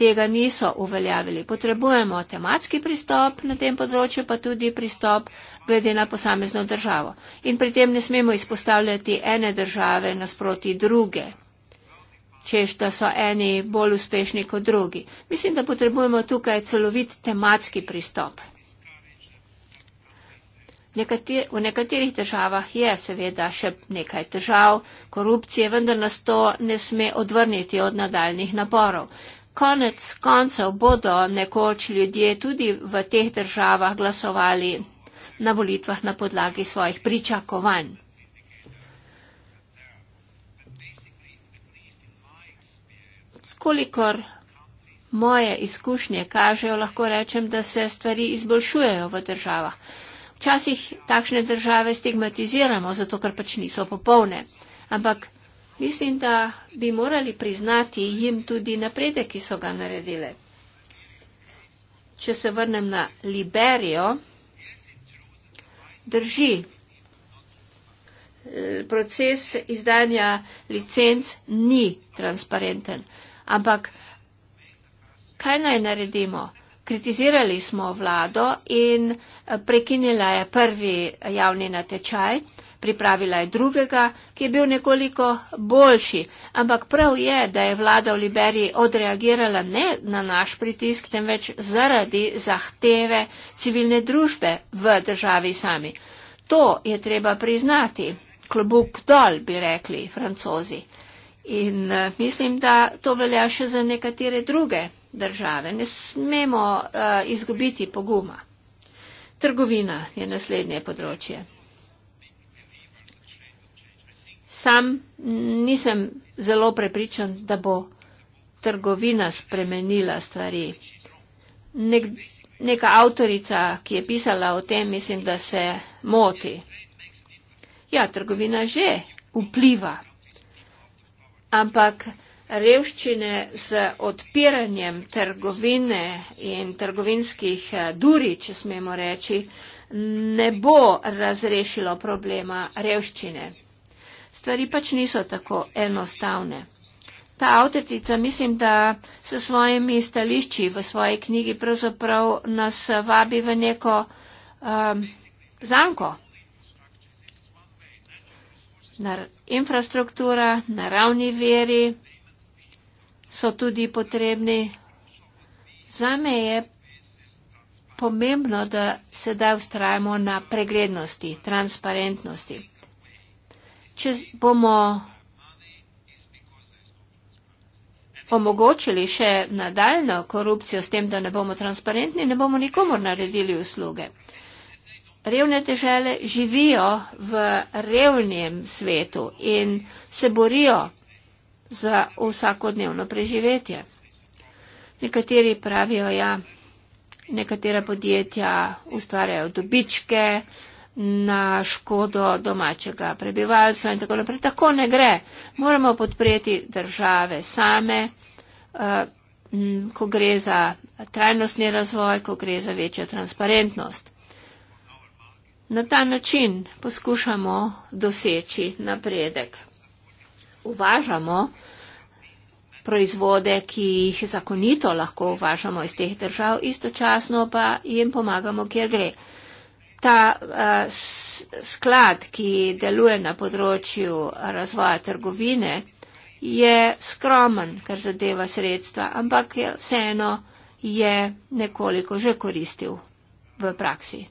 tega niso uveljavili. Potrebujemo tematski pristop na tem področju, pa tudi pristop glede na posamezno državo. In pri tem ne smemo izpostavljati ene države nasproti druge, čež da so eni bolj uspešni kot drugi. Mislim, da potrebujemo tukaj celovit tematski pristop. Nekater, v nekaterih državah je seveda še nekaj težav, korupcije, vendar nas to ne sme odvrniti od nadaljnih naporov. Konec koncev bodo nekoč ljudje tudi v teh državah glasovali na volitvah na podlagi svojih pričakovanj. Kolikor moje izkušnje kažejo, lahko rečem, da se stvari izboljšujejo v državah. Včasih takšne države stigmatiziramo, zato ker pač niso popolne. Ampak mislim, da bi morali priznati jim tudi napredek, ki so ga naredile. Če se vrnem na Liberijo, drži eh, proces izdanja licenc ni transparenten. Ampak kaj naj naredimo? kritizirali smo vlado in eh, prekinila je prvi javni natečaj, pripravila je drugega, ki je bil nekoliko boljši. Ampak prav je, da je vlada v Liberiji odreagirala ne na naš pritisk, temveč zaradi zahteve civilne družbe v državi sami. To je treba priznati. Klobuk dol, bi rekli francozi. In eh, mislim, da to velja še za nekatere druge države. Ne smemo uh, izgubiti poguma. Trgovina je naslednje področje. Sam nisem zelo prepričan, da bo trgovina spremenila stvari. Nek, neka avtorica, ki je pisala o tem, mislim, da se moti. Ja, trgovina že vpliva. Ampak revščine z odpiranjem trgovine in trgovinskih eh, duri, če smemo reči, ne bo razrešilo problema revščine. Stvari pač niso tako enostavne. Ta avtorica mislim, da s svojimi stališči v svoji knjigi pravzaprav nas vabi v neko um, zanko. Nar infrastruktura, naravni veri, so tudi potrebni. Zame je pomembno, da sedaj ustrajamo na preglednosti, transparentnosti. Če bomo omogočili še nadaljno korupcijo s tem, da ne bomo transparentni, ne bomo nikomor naredili usluge. Revne težele živijo v revnem svetu in se borijo za vsakodnevno preživetje. Nekateri pravijo, ja, nekatera podjetja ustvarjajo dobičke na škodo domačega prebivalstva in tako naprej. Tako ne gre. Moramo podpreti države same, eh, ko gre za trajnostni razvoj, ko gre za večjo transparentnost. Na ta način poskušamo doseči napredek. Uvažamo, proizvode, ki jih zakonito lahko uvažamo iz teh držav, istočasno pa jim pomagamo, kjer gre. Ta eh, sklad, ki deluje na področju razvoja trgovine, je skromen, kar zadeva sredstva, ampak je vseeno je nekoliko že koristil v praksi.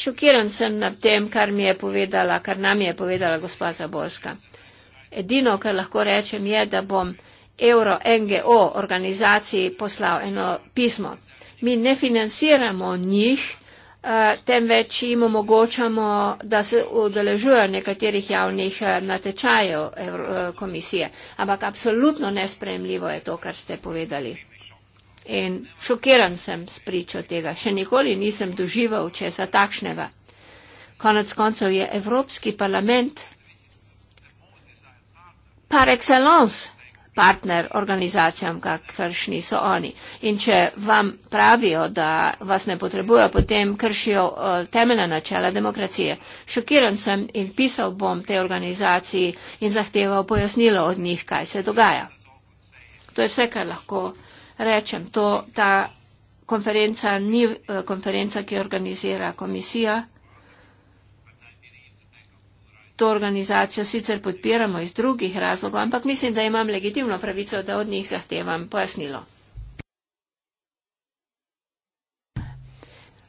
Šokiran sem nad tem, kar mi je povedala, kar nam je povedala gospa Zaborska. Edino, kar lahko rečem, je, da bom Euro NGO organizaciji poslal eno pismo. Mi ne financiramo njih, eh, temveč jim omogočamo, da se udeležujo nekaterih javnih eh, natečajev eh, komisije. Ampak absolutno nespremljivo je to, kar ste povedali in šokiran sem s pričo tega. Še nikoli nisem doživel česa takšnega. Konec koncev je Evropski parlament par excellence partner organizacijam, kakršni so oni. In če vam pravijo, da vas ne potrebujo, potem kršijo eh, temeljna načela demokracije. Šokiran sem in pisal bom tej organizaciji in zahteval pojasnilo od njih, kaj se dogaja. To je vse, kar lahko rečem, to, ta konferenca ni eh, konferenca, ki organizira komisija. To organizacijo sicer podpiramo iz drugih razlogov, ampak mislim, da imam legitimno pravico, da od njih zahtevam pojasnilo.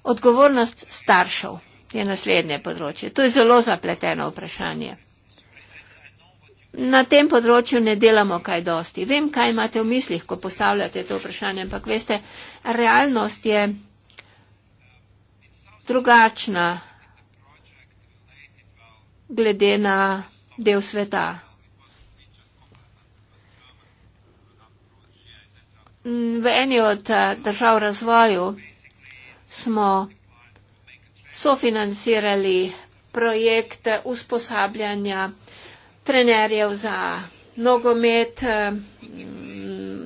Odgovornost staršev je naslednje področje. To je zelo zapleteno vprašanje. Na tem področju ne delamo kaj dosti. Vem, kaj imate v mislih, ko postavljate to vprašanje, ampak veste, realnost je drugačna glede na del sveta. V eni od eh, držav razvoju smo sofinancirali projekte usposabljanja trenerjev za nogomet, eh,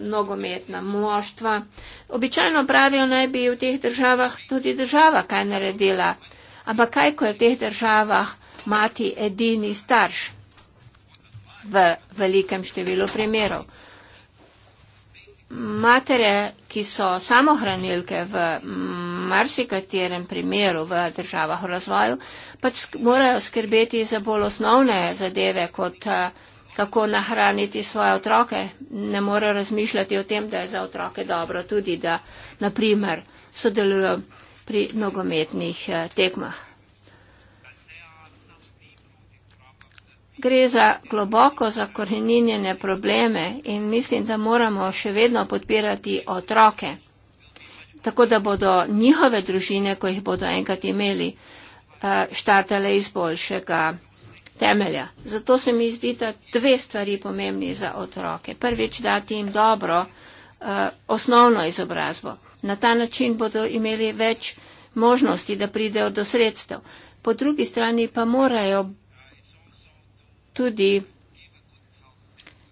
nogometna moštva. Običajno pravijo, naj bi v teh državah tudi država kaj naredila, ampak kaj, ko je v teh državah mati edini starš v velikem številu primerov. Matere, ki so samohranilke v marsikaterem primeru v državah v razvoju, pač morajo skrbeti za bolj osnovne zadeve, kot eh, kako nahraniti svoje otroke. Ne morejo razmišljati o tem, da je za otroke dobro tudi, da naprimer sodelujo pri nogometnih eh, tekmah. Gre za globoko zakoreninjene probleme in mislim, da moramo še vedno podpirati otroke tako da bodo njihove družine, ko jih bodo enkrat imeli, eh, štartale iz boljšega temelja. Zato se mi zdi, da dve stvari pomembni za otroke. Prvič, dati jim dobro eh, osnovno izobrazbo. Na ta način bodo imeli več možnosti, da pridejo do sredstev. Po drugi strani pa morajo tudi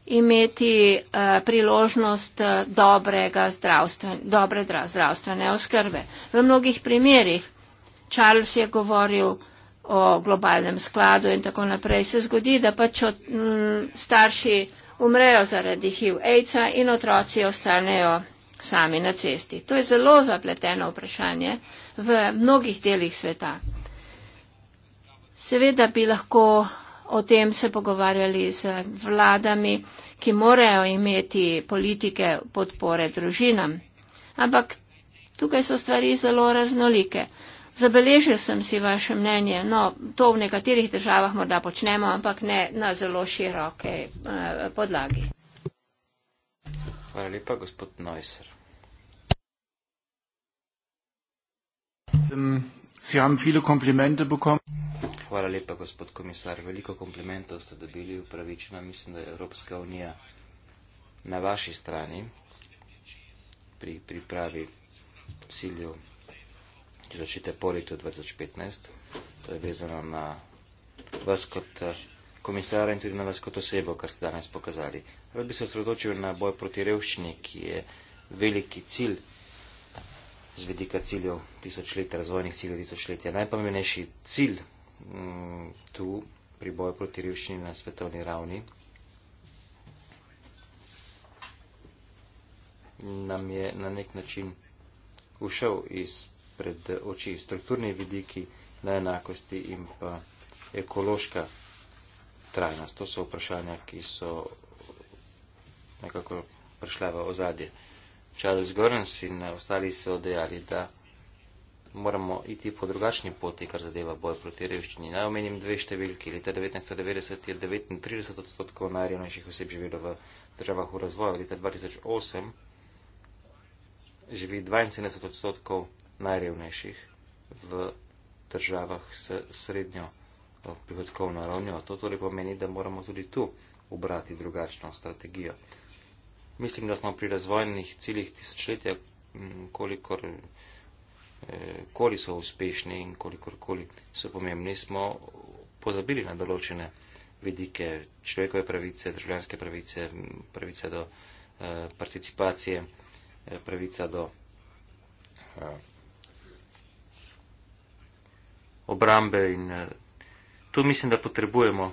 imeti uh, priložnost eh, zdravstven, dobre zdravstvene oskrbe. V mnogih primerjih, Charles je govoril o globalnem skladu in tako naprej, se zgodi, da pač od, m, mm, starši umrejo zaradi HIV-AIDS-a in otroci ostanejo sami na cesti. To je zelo zapleteno vprašanje v mnogih delih sveta. Seveda bi lahko uh, o tem se pogovarjali z vladami, ki morajo imeti politike podpore družinam. Ampak tukaj so stvari zelo raznolike. Zabeležil sem si vaše mnenje. No, to v nekaterih državah morda počnemo, ampak ne na zelo široke eh, podlagi. Hvala lepa, gospod Neusser. Ähm, Sie haben viele Komplimente bekommen. Hvala lepa, gospod komisar. Veliko komplimentov ste dobili upravičeno. Mislim, da je Evropska unija na vaši strani pri pripravi cilju izločite politu 2015. To je vezano na vas kot eh, komisara in tudi na vas kot osebo, kar ste danes pokazali. Rad bi se osredotočil na boj proti revščini, ki je veliki cilj z vedika ciljev tisočletja, razvojnih ciljev tisočletja. Najpomembnejši cilj Mm, tu pri boju proti revščini na svetovni ravni. Nam je na nek način ušel iz pred oči strukturni vidiki na enakosti in pa ekološka trajnost. To so vprašanja, ki so nekako prišla v ozadje. Charles Gorens in ostali so dejali, da moramo iti po drugačni poti, kar zadeva boj proti revščini. Naj omenim dve številki. Leta 1990 je 39 odstotkov najrevnejših oseb živelo v državah v razvoju. Leta 2008 živi 72 odstotkov najrevnejših v državah s srednjo eh, prihodkovno ravnjo. To torej pomeni, da moramo tudi tu obrati drugačno strategijo. Mislim, da smo pri razvojnih ciljih tisočletja, kolikor Eh, koli so uspešni in kolikorkoli so pomembni, smo pozabili na določene vidike človekove pravice, državljanske pravice, pravica do eh, participacije, eh, pravica do obrambe in tu mislim, da potrebujemo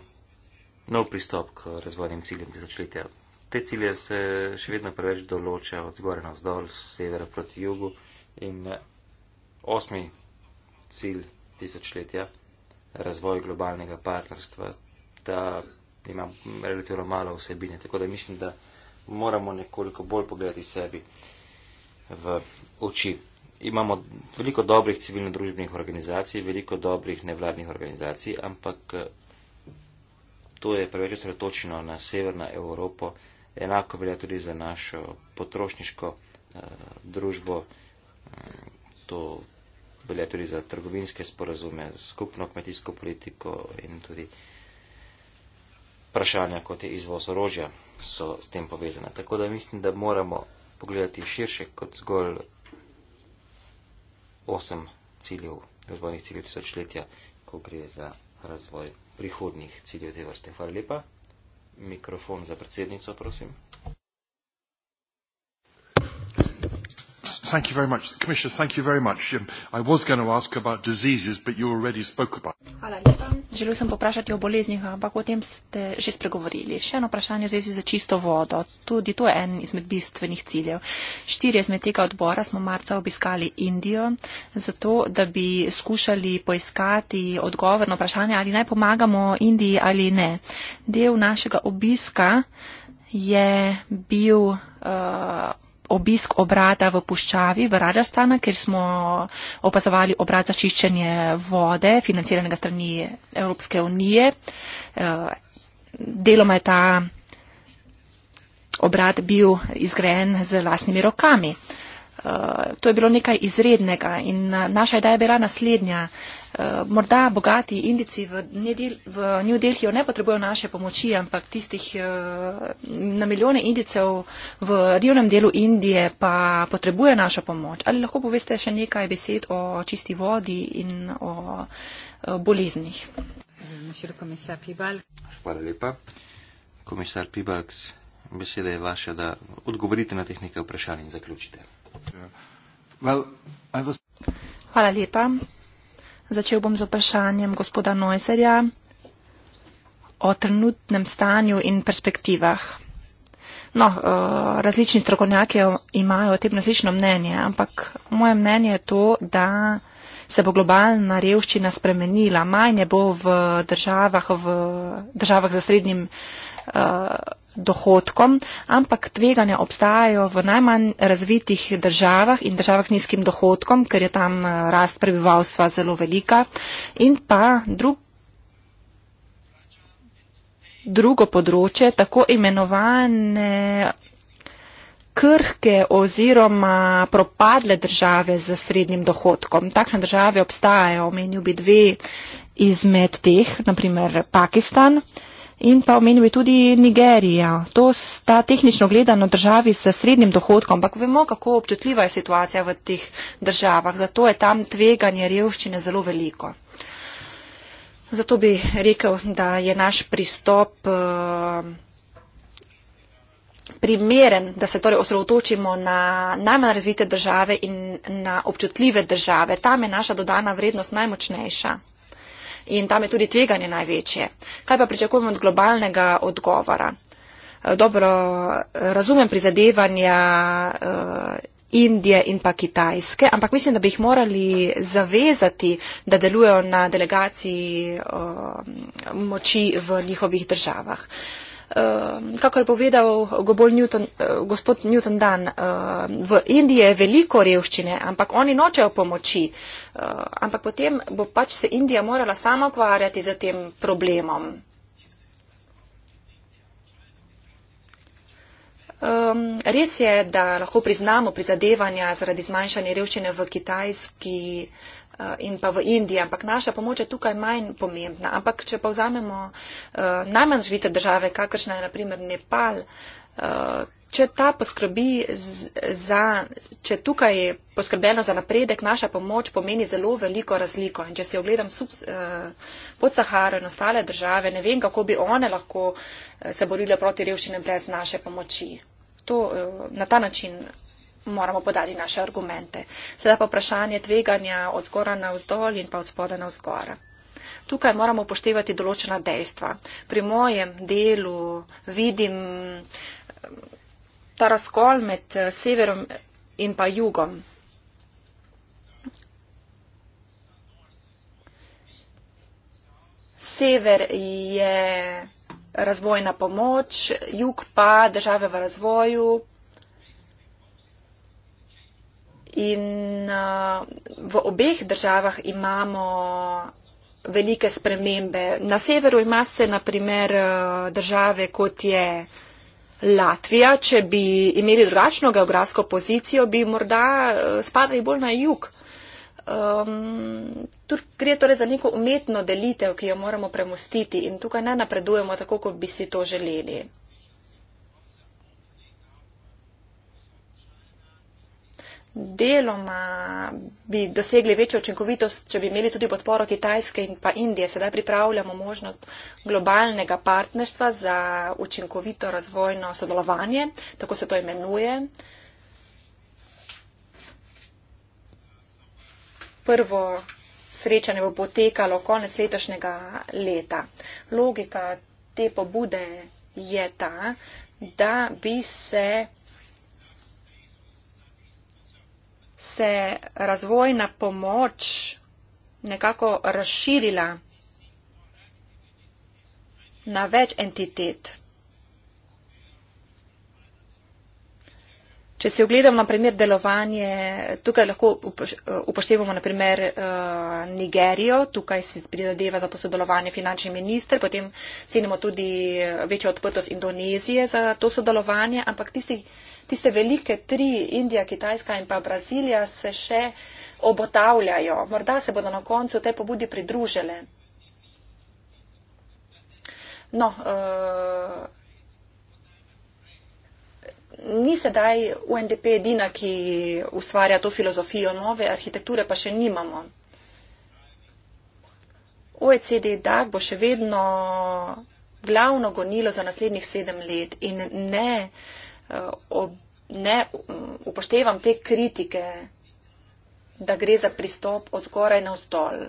nov pristop k razvojnim ciljem tisočletja. Te cilje se še vedno preveč določa od zgore na vzdolj, z severa proti jugu in osmi cilj tisočletja, razvoj globalnega partnerstva, da ima relativno malo vsebine. Tako da mislim, da moramo nekoliko bolj pogledati sebi v oči. Imamo veliko dobrih civilno-družbenih organizacij, veliko dobrih nevladnih organizacij, ampak to je preveč osredotočeno na severno Evropo, enako velja tudi za našo potrošniško eh, družbo, to velja tudi za trgovinske sporazume, skupno kmetijsko politiko in tudi vprašanja, kot je izvoz orožja, so s tem povezane. Tako da mislim, da moramo pogledati širše kot zgolj osem ciljev, razvojnih ciljev tisočletja, ko gre za razvoj prihodnih ciljev te vrste. Hvala lepa. Mikrofon za predsednico, prosim. thank you very much. Commissioner, thank you very much. Um, I was going to ask about diseases, but you already spoke about it. Hvala lepa. Želel sem poprašati o boleznih, ampak o tem ste že spregovorili. Še eno vprašanje v zvezi z čisto vodo. Tudi to je en izmed bistvenih ciljev. Štiri izmed tega odbora smo marca obiskali Indijo, zato da bi skušali poiskati odgovor na vprašanje, ali naj pomagamo Indiji ali ne. Del našega obiska je bil. Uh, obisk obrata v Puščavi, v Radarstana, kjer smo opazovali obrat za čiščenje vode, financiranega strani Evropske unije. Eh, deloma je ta obrat bil izgrajen z lastnimi rokami. Eh, to je bilo nekaj izrednega in eh, naša ideja je bila naslednja. Eh, morda bogati indici v, nedel, v New Delhiju ne potrebujo naše pomoči, ampak tistih eh, na milijone indicev v revnem delu Indije pa potrebuje našo pomoč. Ali lahko poveste še nekaj besed o čisti vodi in o eh, boleznih? Hvala lepa. Komisar Pibaks, beseda je vaša, da odgovorite na teh nekaj vprašanj in zaključite. Well, was... Hvala lepa. Začel bom z vprašanjem gospoda Neuserja o trenutnem stanju in perspektivah. No, eh, različni strokovnjaki imajo o tem različno mnenje, ampak moje mnenje je to, da se bo globalna revščina spremenila. Manje bo v državah, v državah za srednjim. Eh, dohodkom, ampak tveganja obstajajo v najmanj razvitih državah in državah s nizkim dohodkom, ker je tam eh, rast prebivalstva zelo velika. In pa drug, drugo področje, tako imenovane krhke oziroma propadle države z srednjim dohodkom. Takšne države obstajajo, omenil bi dve izmed teh, naprimer Pakistan. In pa omenil je tudi Nigerija. To sta tehnično gledano državi s srednjim dohodkom, ampak vemo, kako občutljiva je situacija v teh državah. Zato je tam tveganje revščine zelo veliko. Zato bi rekel, da je naš pristop eh, primeren, da se torej osredotočimo na najmanj razvite države in na občutljive države. Tam je naša dodana vrednost najmočnejša in tam je tudi tveganje največje. Kaj pa pričakujemo od globalnega odgovora? Eh, dobro, razumem prizadevanja eh, Indije in pa Kitajske, ampak mislim, da bi jih morali zavezati, da delujejo na delegaciji eh, moči v njihovih državah. Eh, kakor je povedal eh, Newton, eh, gospod Newton Dan, v Indiji je veliko revščine, ampak oni nočejo pomoči. Ampak potem bo pač se Indija morala sama ukvarjati z tem problemom. Um, res je, da lahko priznamo prizadevanja zaradi zmanjšanja revščine v kitajski uh, Eh, in pa v Indiji, ampak naša pomoč je tukaj manj pomembna. Ampak, če pa vzamemo eh, najmanj živite države, kakršna je naprimer Nepal, eh, če ta poskrbi za, če tukaj je poskrbljeno za napredek, naša pomoč pomeni zelo veliko razliko. In če si ogledam pod Saharo in ostale države, ne vem, kako bi one lahko se borile proti revščine brez naše pomoči. To, na ta način moramo podati naše argumente. Sedaj pa vprašanje tveganja od zgora na vzdolj in pa od spoda na vzgora. Tukaj moramo upoštevati določena dejstva. Pri mojem delu vidim ta razkol med eh, severom in pa jugom. Sever je razvojna pomoč, jug pa države v razvoju, In uh, v obeh državah imamo velike spremembe. Na severu imate, naprimer, uh, države kot je Latvija. Če bi imeli drugačno geografsko pozicijo, bi morda uh, spadali bolj na jug. Um, tu gre torej za neko umetno delitev, ki jo moramo premustiti in tukaj ne napredujemo tako, kot bi si to želeli. deloma bi dosegli večjo učinkovitost, če bi imeli tudi podporo Kitajske in pa Indije. Sedaj pripravljamo možnost globalnega partnerstva za učinkovito razvojno sodelovanje, tako se to imenuje. Prvo srečanje bo potekalo konec letošnjega leta. Logika te pobude je ta, da bi se se razvojna pomoč nekako razširila na več entitet. Če si ogledamo na primer delovanje, tukaj lahko upoštevamo na primer uh, Nigerijo, tukaj si prizadeva za posodelovanje finančni minister, potem cenimo tudi eh, večjo odprtost Indonezije za to sodelovanje, ampak tistih uh, tiste velike tri, Indija, Kitajska in pa Brazilija, se še obotavljajo. Morda se bodo na koncu te pobudi pridružile. No, uh, ni sedaj UNDP edina, ki ustvarja to filozofijo nove arhitekture, pa še nimamo. OECD DAG bo še vedno glavno gonilo za naslednjih sedem let in ne uh, Eh, ob, ne mm, upoštevam te kritike, da gre za pristop od skoraj na vzdolj.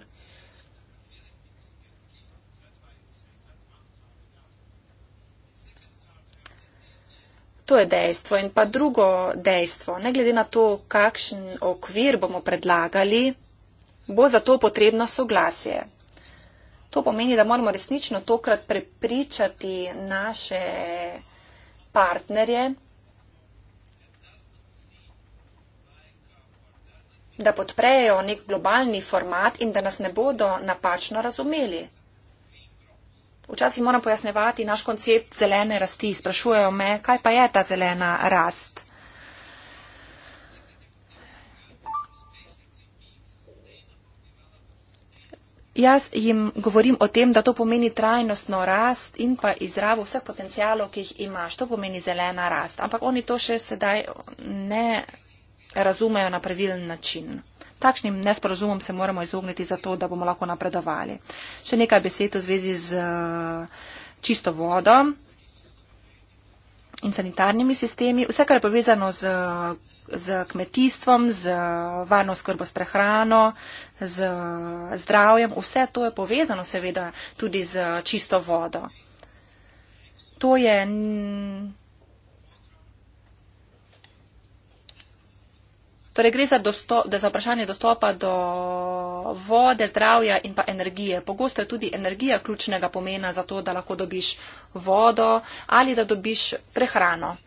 To je dejstvo. In pa drugo dejstvo, ne glede na to, kakšen okvir bomo predlagali, bo za to potrebno soglasje. To pomeni, da moramo resnično tokrat prepričati naše partnerje, da podprejo nek globalni format in da nas ne bodo napačno razumeli. Včasih moram pojasnevati naš koncept zelene rasti. Sprašujejo me, kaj pa je ta zelena rast. Jaz jim govorim o tem, da to pomeni trajnostno rast in pa izravo vseh potencijalov, ki jih imaš. To pomeni zelena rast. Ampak oni to še sedaj ne razumejo na pravilen način. Takšnim nesporazumom se moramo izogniti zato, da bomo lahko napredovali. Še nekaj besed v zvezi z eh, čisto vodo in sanitarnimi sistemi. Vse, kar je povezano z, z kmetijstvom, z varno skrbo s prehrano, z eh, zdravjem, vse to je povezano seveda tudi z čisto vodo. To je Torej gre za, dosto, za vprašanje dostopa do vode, zdravja in pa energije. Pogosto je tudi energija ključnega pomena za to, da lahko dobiš vodo ali da dobiš prehrano.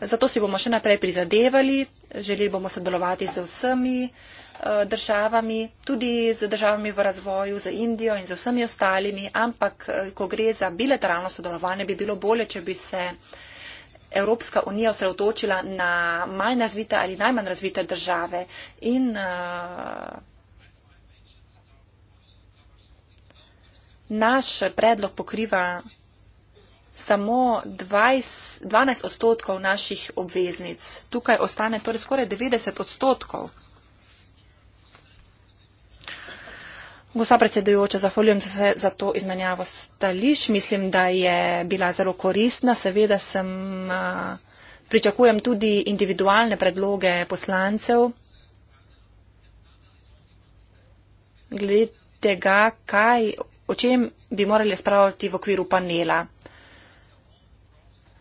Zato si bomo še naprej prizadevali, želeli bomo sodelovati z vsemi eh, državami, tudi z državami v razvoju, z Indijo in z vsemi ostalimi, ampak eh, ko gre za bilateralno sodelovanje, bi bilo bolje, če bi se. Evropska unija osredotočila na manj razvite ali najmanj razvite države in uh, naš predlog pokriva samo 20, 12 odstotkov naših obveznic. Tukaj ostane torej skoraj 90 odstotkov Gospa predsedujoča, zahvaljujem se za to izmenjavo stališč. Mislim, da je bila zelo koristna. Seveda sem, pričakujem tudi individualne predloge poslancev glede tega, kaj, o čem bi morali spraviti v okviru panela.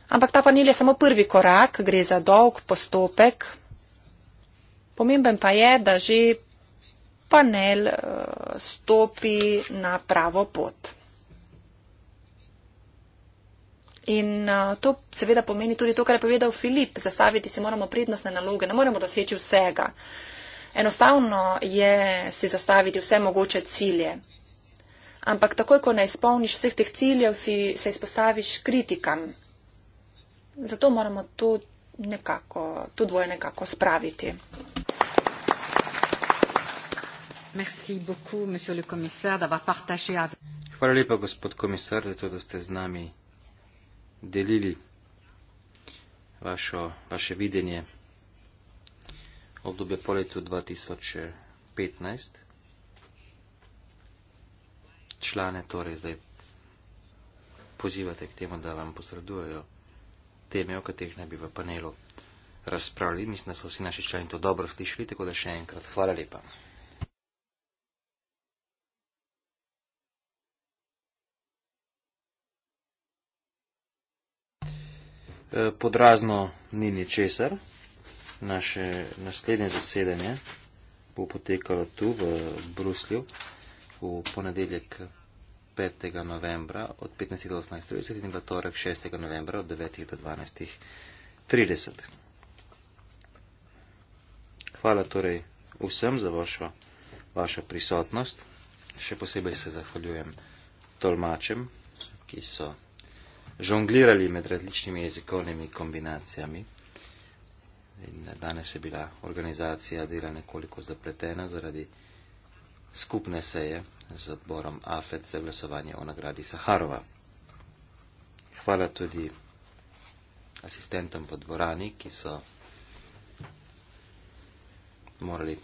Ampak ta panel je samo prvi korak, gre za dolg postopek. Pomemben pa je, da že panel eh, stopi na pravo pot. In eh, to seveda pomeni tudi to, kar je povedal Filip. Zastaviti si moramo prednostne naloge, ne moremo doseči vsega. Enostavno je si zastaviti vse mogoče cilje. Ampak takoj, ko ne izpolniš vseh teh ciljev, si se izpostaviš kritikam. Zato moramo to, nekako, to dvoje nekako spraviti. Hvala lepa, gospod komisar, za to, da ste z nami delili vašo, vaše videnje obdobje po letu 2015. Člane torej zdaj pozivate k temu, da vam posredujejo teme, o katerih naj bi v panelu razpravljali. Mislim, da so vsi naši člani to dobro slišali, tako da še enkrat hvala lepa. Eh, podrazno ni ničesar. Naše naslednje zasedanje bo potekalo tu v Bruslju v ponedeljek 5. novembra od 15.18.30 in v torek 6. novembra od 9.12.30. Hvala torej vsem za vašo, vašo prisotnost. Še posebej se zahvaljujem tolmačem, ki so žonglirali med različnimi jezikovnimi kombinacijami. In danes je bila organizacija dela nekoliko zapletena zaradi skupne seje z odborom AFED za glasovanje o nagradi Saharova. Hvala tudi asistentom v dvorani, ki so morali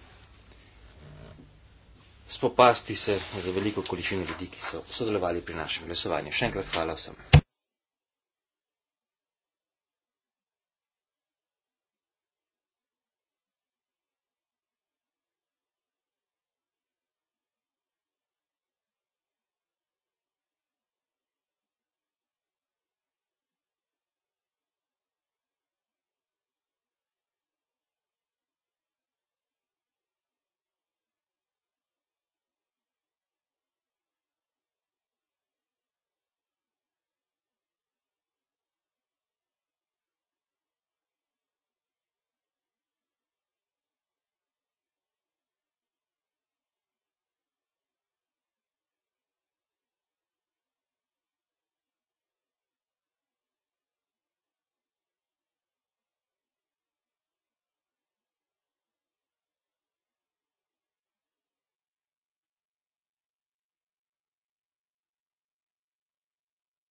spopasti se za veliko količino ljudi, ki so sodelovali pri našem glasovanju. Še enkrat hvala vsem.